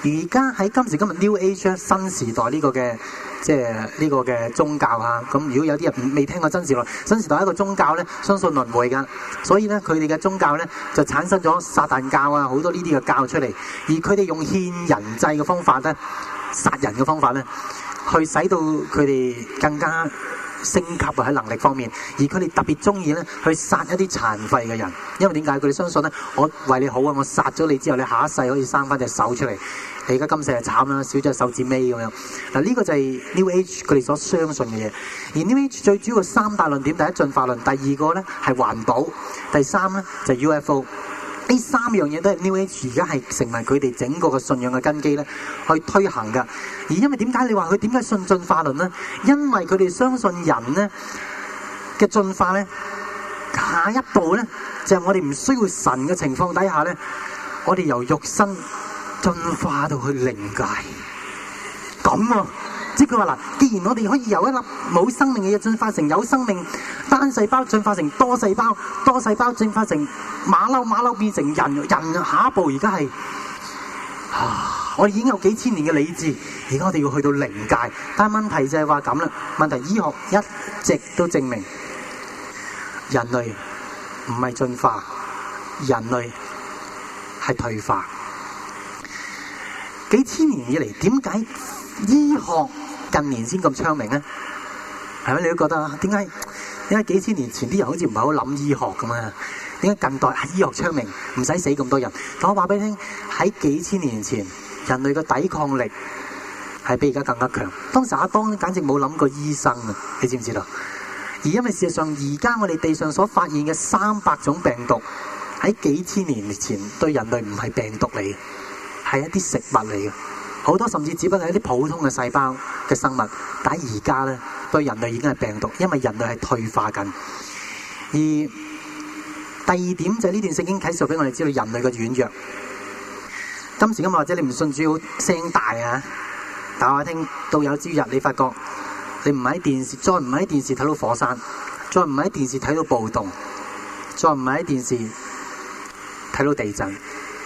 而家喺今時今日 New Age 新時代呢個嘅，即係呢個嘅宗教啊，咁如果有啲人未聽過新時代，新時代一個宗教咧，相信輪迴噶，所以咧佢哋嘅宗教咧就產生咗撒旦教啊，好多呢啲嘅教出嚟，而佢哋用獻人祭嘅方法咧，殺人嘅方法咧，去使到佢哋更加。升級啊喺能力方面，而佢哋特別中意咧去殺一啲殘廢嘅人，因為點解佢哋相信咧？我為你好啊！我殺咗你之後，你下一世可以生翻隻手出嚟。你而家今世就慘啦，少隻手指尾咁樣。嗱，呢個就係 New Age 佢哋所相信嘅嘢。而 New Age 最主要嘅三大論點，第一，進化論，第二個咧係環保，第三咧就 UFO。呢三樣嘢都係 New Age，而家係成為佢哋整個嘅信仰嘅根基咧，去推行噶。而因為點解你話佢點解信進化論咧？因為佢哋相信人咧嘅進化咧，下一步咧就係我哋唔需要神嘅情況底下咧，我哋由肉身進化到去靈界。咁啊！即佢話嗱，既然我哋可以由一粒冇生命嘅嘢進化成有生命單細胞，進化成多細胞，多細胞進化成馬騮，馬騮變成人，人下一步而家係，我哋已經有幾千年嘅理智，而家我哋要去到靈界，但係問題就係話咁啦，問題是醫學一直都證明人類唔係進化，人類係退化。幾千年以嚟點解醫學？近年先咁昌明咧，係咪？你都覺得點解？點解幾千年前啲人好似唔係好諗醫學咁啊？點解近代醫學昌明，唔使死咁多人？但我話俾你聽，喺幾千年前，人類嘅抵抗力係比而家更加強。當時阿當簡直冇諗過醫生啊！你知唔知道？而因為事實上，而家我哋地上所發現嘅三百種病毒，喺幾千年前對人類唔係病毒嚟，係一啲食物嚟嘅。好多甚至只不過係一啲普通嘅細胞嘅生物，但係而家咧對人類已經係病毒，因為人類係退化緊。而第二點就係呢段聖經啟示俾我哋知道人類嘅軟弱。今時今日或者你唔信，主要聲大啊！但係我聽到有朝日，你發覺你唔喺電視，再唔喺電視睇到火山，再唔喺電視睇到暴動，再唔喺電視睇到地震，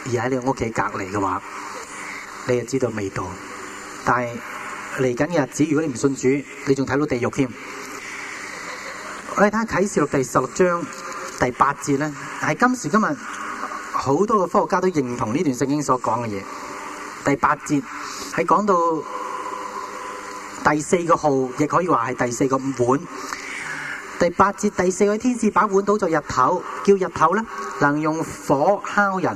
而喺你屋企隔離嘅話。你就知道味道，但係嚟緊嘅日子，如果你唔信主，你仲睇到地獄添。我哋睇下啟示錄第十六章第八節咧，係今時今日好多個科學家都認同呢段聖經所講嘅嘢。第八節係講到第四個號，亦可以話係第四個碗。第八節第四位天使把碗倒在日頭，叫日頭啦，能用火烤人，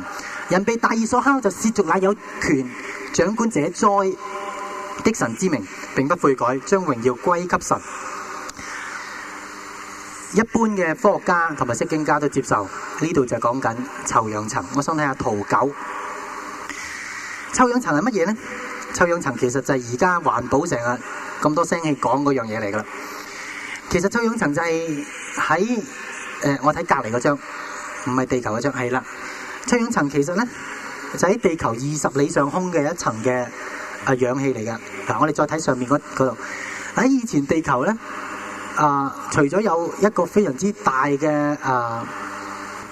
人被大熱所烤就褻瀆乃有權。掌管者災的神之名，並不悔改，將榮耀歸給神。一般嘅科學家同埋釋經家都接受呢度就係講緊臭氧層。我想睇下圖九，臭氧層係乜嘢呢？「臭氧層其實就係而家環保成日咁多聲氣講嗰樣嘢嚟㗎喇。其實臭氧層就係喺誒，我睇隔離嗰張，唔係地球嗰張，係啦。臭氧層其實咧，就喺地球二十里上空嘅一層嘅啊氧氣嚟噶。嗱，我哋再睇上面嗰度喺以前地球咧啊，除咗有一個非常之大嘅啊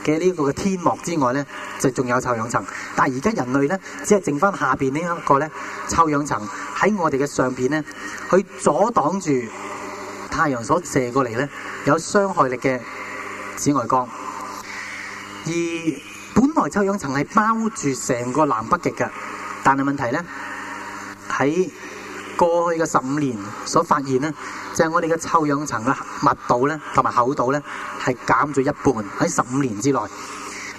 嘅呢個嘅天幕之外咧，就仲有臭氧層。但係而家人類咧，只係剩返下邊呢一個咧臭氧層喺我哋嘅上邊咧，去阻擋住太陽所射過嚟咧有傷害力嘅紫外光，而本來臭氧層係包住成個南北極嘅，但係問題呢，喺過去嘅十五年所發現呢就係、是、我哋嘅臭氧層嘅密度呢同埋厚度呢係減咗一半喺十五年之內。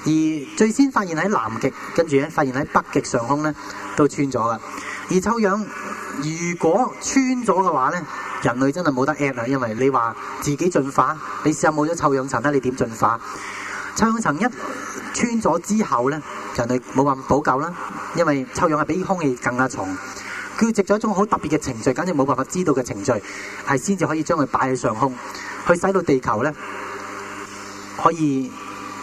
而最先發現喺南極，跟住呢發現喺北極上空呢都穿咗㗎。而臭氧如果穿咗嘅話呢，人類真係冇得 at 啦，因為你話自己進化，你試下冇咗臭氧層咧，你點進化？臭氧層一穿咗之後咧，人類冇辦法補救啦，因為臭氧係比空氣更加重。佢藉咗一種好特別嘅程序，簡直冇辦法知道嘅程序，係先至可以將佢擺喺上空，去使到地球咧可以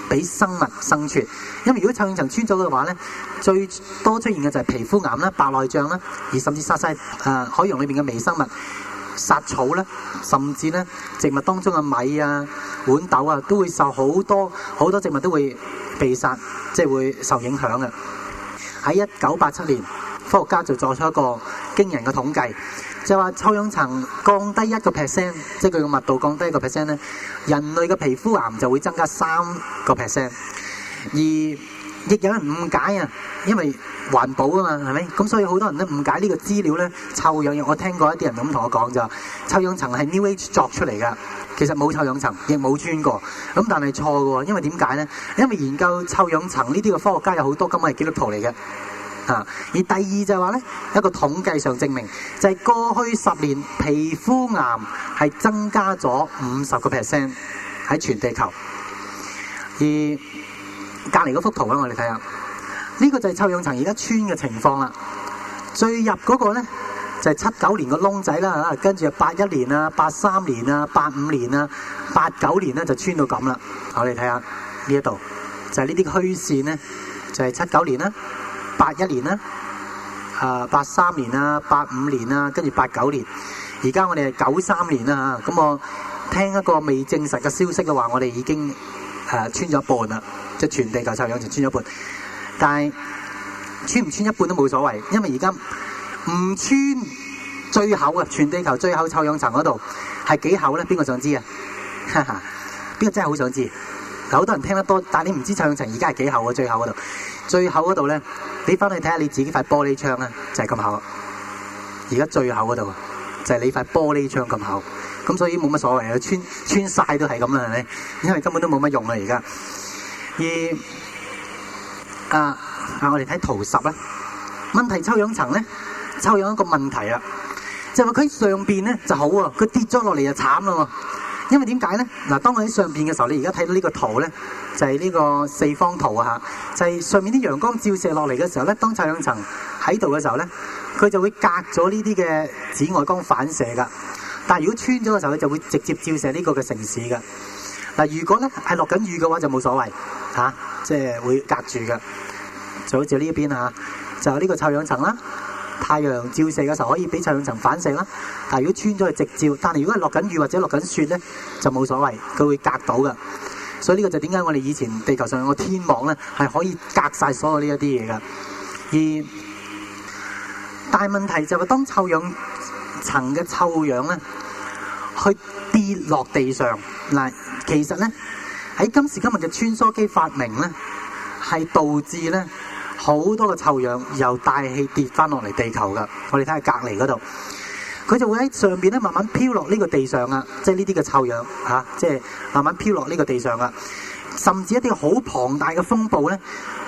俾生物生存。因為如果臭氧層穿咗嘅話咧，最多出現嘅就係皮膚癌啦、白內障啦，而甚至殺晒誒海洋裏邊嘅微生物。殺草咧，甚至咧，植物當中嘅米啊、豌豆啊，都會受好多好多植物都會被殺，即係會受影響嘅。喺一九八七年，科學家就作出一個驚人嘅統計，就話臭氧層降低一個 percent，即係佢個密度降低一個 percent 咧，人類嘅皮膚癌就會增加三個 percent。而亦有人誤解啊，因為，環保啊嘛，係咪？咁所以好多人都誤解這個資呢個資料咧。臭氧，我聽過一啲人咁同我講就，臭氧層係 New Age 作出嚟噶，其實冇臭氧層，亦冇穿過。咁但係錯嘅，因為點解咧？因為研究臭氧層呢啲嘅科學家有好多，今日係基督徒嚟嘅。嚇、啊！而第二就係話咧，一個統計上證明，就係、是、過去十年皮膚癌係增加咗五十個 percent 喺全地球。而隔籬嗰幅圖咧，我哋睇下。呢個就係臭氧層而家穿嘅情況啦，最入嗰個咧就係七九年個窿仔啦，啊，跟住啊八一年啊、八三年啊、八五年啊、八九年咧就穿到咁啦。我哋睇下呢一度就係呢啲虛線咧，就係七九年啦、八一年啦、啊八三年啦、八五年啦，跟住八九年。而家我哋係九三年啦，咁我聽一個未證實嘅消息嘅話，我哋已經誒穿咗一半啦，即係全地球臭氧層穿咗一半。但係穿唔穿一半都冇所謂，因為而家唔穿最厚嘅，全地球最厚臭氧層嗰度係幾厚咧？邊個想知啊？哈哈，邊個真係好想知？好多人聽得多，但係你唔知臭氧層而家係幾厚啊？最厚嗰度？最厚嗰度咧，你翻去睇下你自己塊玻璃窗咧，就係咁厚。而家最厚嗰度就係你塊玻璃窗咁厚，咁所以冇乜所謂啊！穿穿曬都係咁啦，係咪？因為根本都冇乜用啦，而家而。啊！我哋睇圖十咧，問題臭氧層咧，臭氧一個問題啊，就係話佢上邊咧就好喎，佢跌咗落嚟就慘啦嘛。因為點解咧？嗱，當佢喺上邊嘅時候，你而家睇到呢個圖咧，就係呢個四方圖啊吓，就係上面啲陽光照射落嚟嘅時候咧，當臭氧層喺度嘅時候咧，佢就會隔咗呢啲嘅紫外光反射噶。但係如果穿咗嘅時候，佢就會直接照射呢個嘅城市噶。嗱，如果咧係落緊雨嘅話就，就冇所謂吓。即係會隔住嘅，就好似呢一邊吓，就係呢個臭氧層啦。太陽照射嘅時候可以俾臭氧層反射啦，但係如果穿咗去直照，但係如果係落緊雨或者落緊雪咧，就冇所謂，佢會隔到㗎。所以呢個就點解我哋以前地球上有個天網咧，係可以隔晒所有呢一啲嘢㗎。而大問題就係當臭氧層嘅臭氧咧，去跌落地上嗱，其實咧。喺今時今日嘅穿梭機發明咧，係導致咧好多嘅臭氧由大氣跌翻落嚟地球嘅。我哋睇下隔離嗰度，佢就會喺上邊咧慢慢飄落呢個地上啊，即係呢啲嘅臭氧嚇，即係慢慢飄落呢個地上啊。甚至一啲好龐大嘅風暴咧，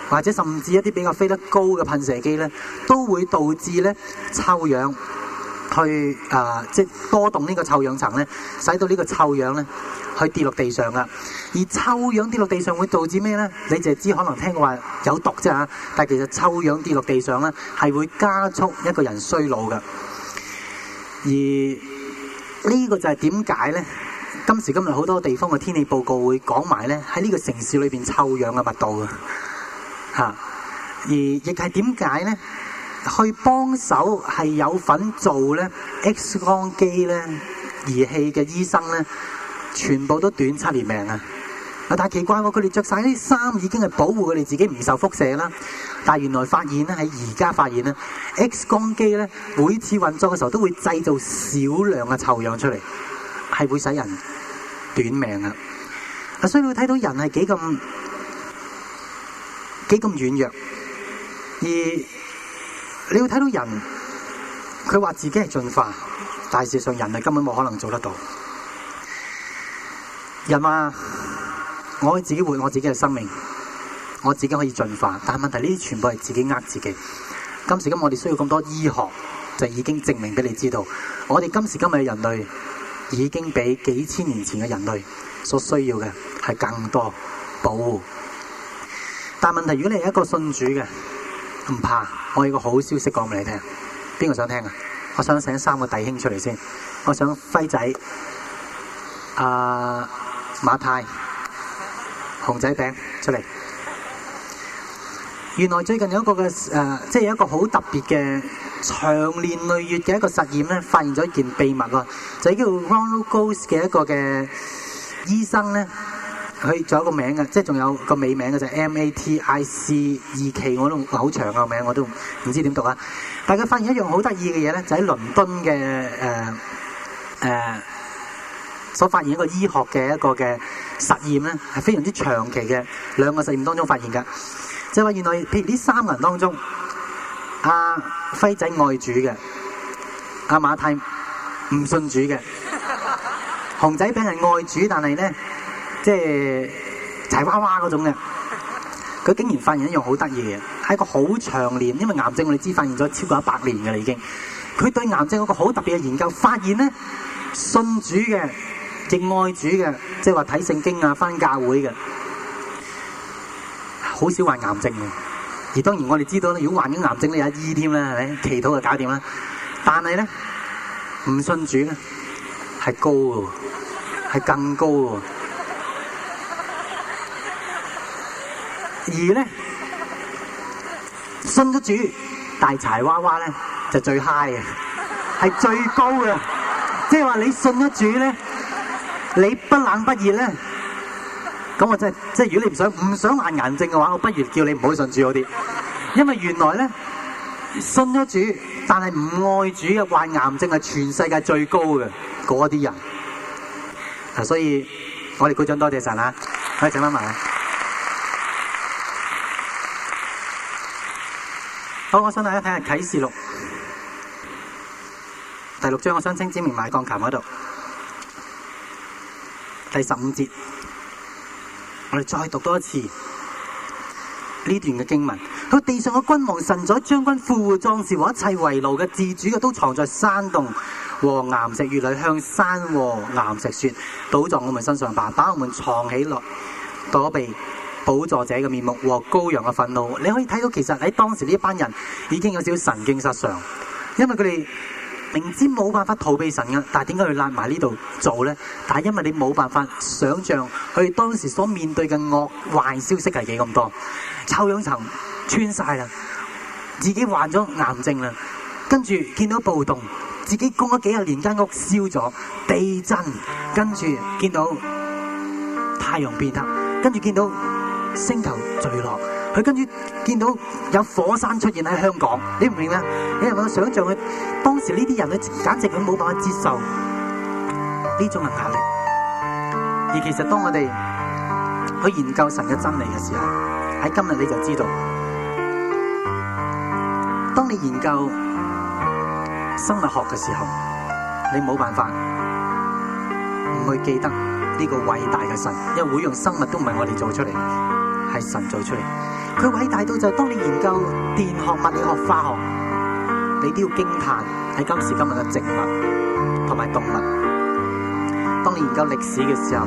或者甚至一啲比較飛得高嘅噴射機咧，都會導致咧臭氧。去啊！即多動呢個臭氧層咧，使到呢個臭氧咧去跌落地上噶。而臭氧跌落地上會導致咩咧？你就知可能聽過話有毒啫吓。但其實臭氧跌落地上咧，係會加速一個人衰老噶。而呢個就係點解咧？今時今日好多地方嘅天氣報告會講埋咧，喺呢個城市裏邊臭氧嘅密度啊。吓，而亦係點解咧？去幫手係有份做咧 X 光機咧儀器嘅醫生咧，全部都短七年命啊！啊，但係奇怪喎、哦，佢哋着晒啲衫已經係保護佢哋自己唔受輻射啦。但係原來發現咧，喺而家發現咧，X 光機咧每次運作嘅時候都會製造少量嘅臭氧出嚟，係會使人短命啊！啊，所以你會睇到人係幾咁幾咁軟弱而。你要睇到人，佢話自己係進化，但事實上人類根本冇可能做得到。人話我，我自己活我自己嘅生命，我自己可以進化，但係問題呢啲全部係自己呃自己。今時今日我哋需要咁多醫學，就已經證明俾你知道，我哋今時今日嘅人類，已經比幾千年前嘅人類所需要嘅係更多保護。但係問題，如果你係一個信主嘅。唔怕，我有一個好消息講俾你聽。邊個想聽啊？我想請三個弟兄出嚟先。我想輝仔、阿、啊、馬太、熊仔餅出嚟。原來最近有一個嘅誒，即、呃、係、就是、有一個好特別嘅長年累月嘅一個實驗咧，發現咗一件秘密咯，就叫 Ronald Gross 嘅一個嘅醫生咧。佢仲有一個名嘅，即係仲有個美名嘅就 MATIC 二期，我都好長個名，我都唔知點讀啊！但佢發現一樣好得意嘅嘢咧，就喺倫敦嘅誒誒所發現一個醫學嘅一個嘅實驗咧，係非常之長期嘅兩個實驗當中發現嘅，即係話原來譬如呢三個人當中，阿、啊、輝仔愛主嘅，阿、啊、馬太唔信主嘅，熊仔餅係愛主，但係咧。即係柴娃娃嗰種嘅，佢竟然發現一樣好得意嘅，係一個好長年，因為癌症我哋知發現咗超過一百年嘅啦已經。佢對癌症有個好特別嘅研究，發現咧信主嘅，亦愛主嘅，即係話睇聖經啊，翻教會嘅，好少患癌症嘅。而當然我哋知道咧，如果患咗癌症咧有醫添啦，係咪？祈禱就搞掂啦。但係咧唔信主咧係高嘅，係更高嘅。而咧，信得主，大柴娃娃咧就最 high 嘅，係最高嘅。即係話你信得主咧，你不冷不熱咧，咁我真即係如果你唔想唔想患癌，癌症嘅話，我不如叫你唔好信主好啲。因為原來咧，信咗主但係唔愛主嘅患癌症係全世界最高嘅嗰啲人。啊，所以我哋鼓掌多謝神啊！可以請翻埋。好，我想大家睇下《啟示錄》第六章我相親之名買在鋼琴嗰度，第十五節，我哋再讀多一次呢段嘅經文。地上嘅君王、神佐、將軍、富戶、壯士和一切為奴嘅、自主嘅，都藏在山洞和岩石、穴裡，向山和岩石說，倒在我們身上吧，把我們藏起來，躲避，寶座者嘅面目和羔羊嘅憤怒，你可以睇到，其實喺當時呢一班人已經有少少神經失常，因為佢哋明知冇辦法逃避神嘅，但係點解要拉埋呢度做咧？但係因為你冇辦法想象佢哋當時所面對嘅惡壞消息係幾咁多，臭氧層穿晒啦，自己患咗癌症啦，跟住見到暴動，自己供咗幾廿年間屋燒咗，地震，跟住見到太陽變黑，跟住見到。星球墜落，佢跟住見到有火山出現喺香港，你唔明咩？你係我想象佢當時呢啲人，佢簡直佢冇辦法接受呢種嘅壓力。而其實當我哋去研究神嘅真理嘅時候，喺今日你就知道，當你研究生物學嘅時候，你冇辦法唔會記得呢個偉大嘅神，因為每樣生物都唔係我哋做出嚟。係神造出嚟，佢偉大到就係當你研究電學、物理學、化學，你都要驚嘆；喺今時今日嘅植物同埋動物，當你研究歷史嘅時候，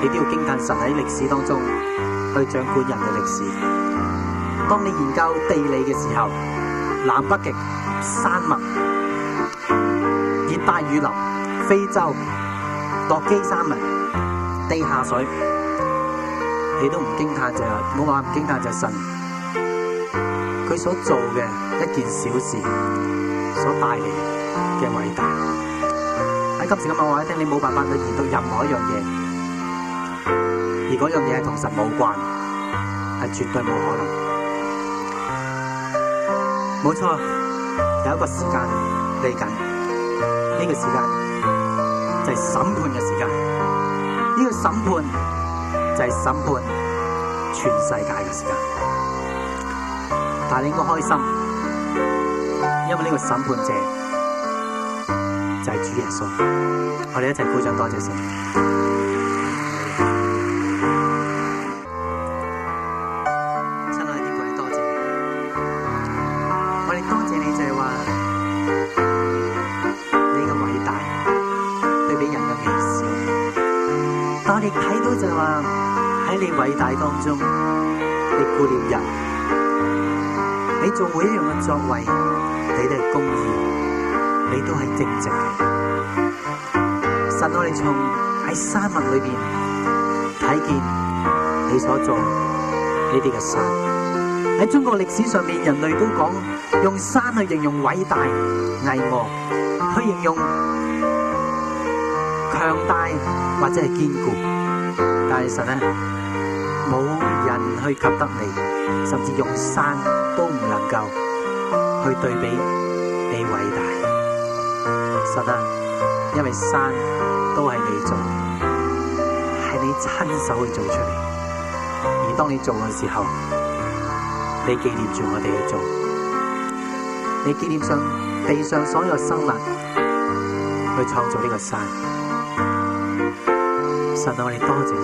你都要驚嘆神喺歷史當中去掌管人嘅歷史。當你研究地理嘅時候，南北極山脈、熱帶雨林、非洲、洛基山脈、地下水。你都唔驚嘆就，冇話唔驚嘆就神，佢所做嘅一件小事，所帶嚟嘅偉大。喺今時今日話一聽，你冇辦法去見到任何一樣嘢，而嗰樣嘢係同神冇關，係絕對冇可能。冇錯，有一個時間嚟緊，呢、這個時間就係、是、審判嘅時間，呢、這個審判。就係審判全世界嘅時間，但係你應該開心，因為呢個審判者就係主耶穌， 我哋一齊鼓掌多謝神。做每一樣嘅作為，你都係公義，你都係正直嘅。神，我哋從喺山脈裏邊睇見你所做呢啲嘅山。喺中國歷史上面，人類都講用山去形容偉大、巍峨，去形容強大或者係堅固。但係神咧，冇人去及得你。甚至用山都唔能夠去對比你偉大，神啊，因為山都係你做，係你親手去做出嚟。而當你做嘅時候，你紀念住我哋去做，你紀念上地上所有生物去創造呢個山。神啊，我哋多謝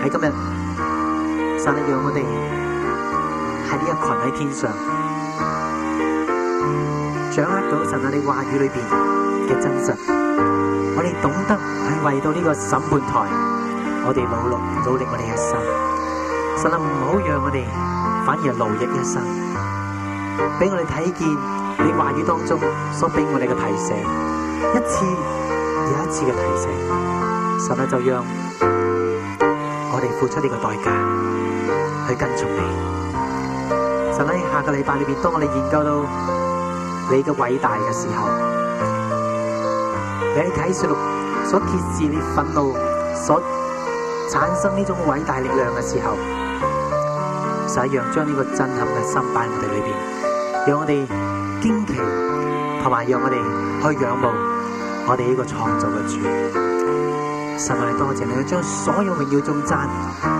你喺今日，神啊，讓我哋。一群喺天上，掌握到神喺你話語裏邊嘅真實，我哋懂得喺為到呢個審判台，我哋努力努力我哋一生。神啊，唔好讓我哋反而勞役一生，俾我哋睇見你話語當中所俾我哋嘅提醒，一次又一次嘅提醒。神啊，就讓我哋付出呢個代價去跟從你。下個禮拜裏邊，當我哋研究到你嘅偉大嘅時候，你睇《啟示錄》所揭示你憤怒所產生呢種偉大力量嘅時候，實一樣將呢個震撼嘅心擺喺我哋裏邊，讓我哋驚奇，同埋讓我哋去仰慕我哋呢個創造嘅主。神，我哋多謝你，將所有榮耀、中讚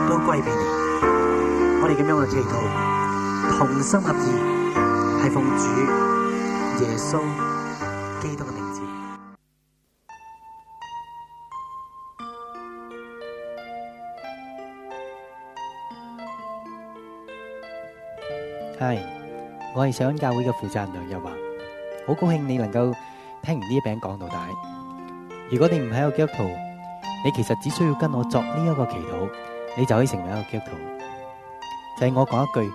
都歸俾你。我哋咁樣嘅祈禱。同心合意，係奉主耶穌基督嘅名字。係，我係上恩教會嘅負責人梁日華，好高興你能夠聽完呢一餅講道帶。如果你唔係一個基督徒，你其實只需要跟我作呢一個祈禱，你就可以成為一個基督徒。就係我講一句。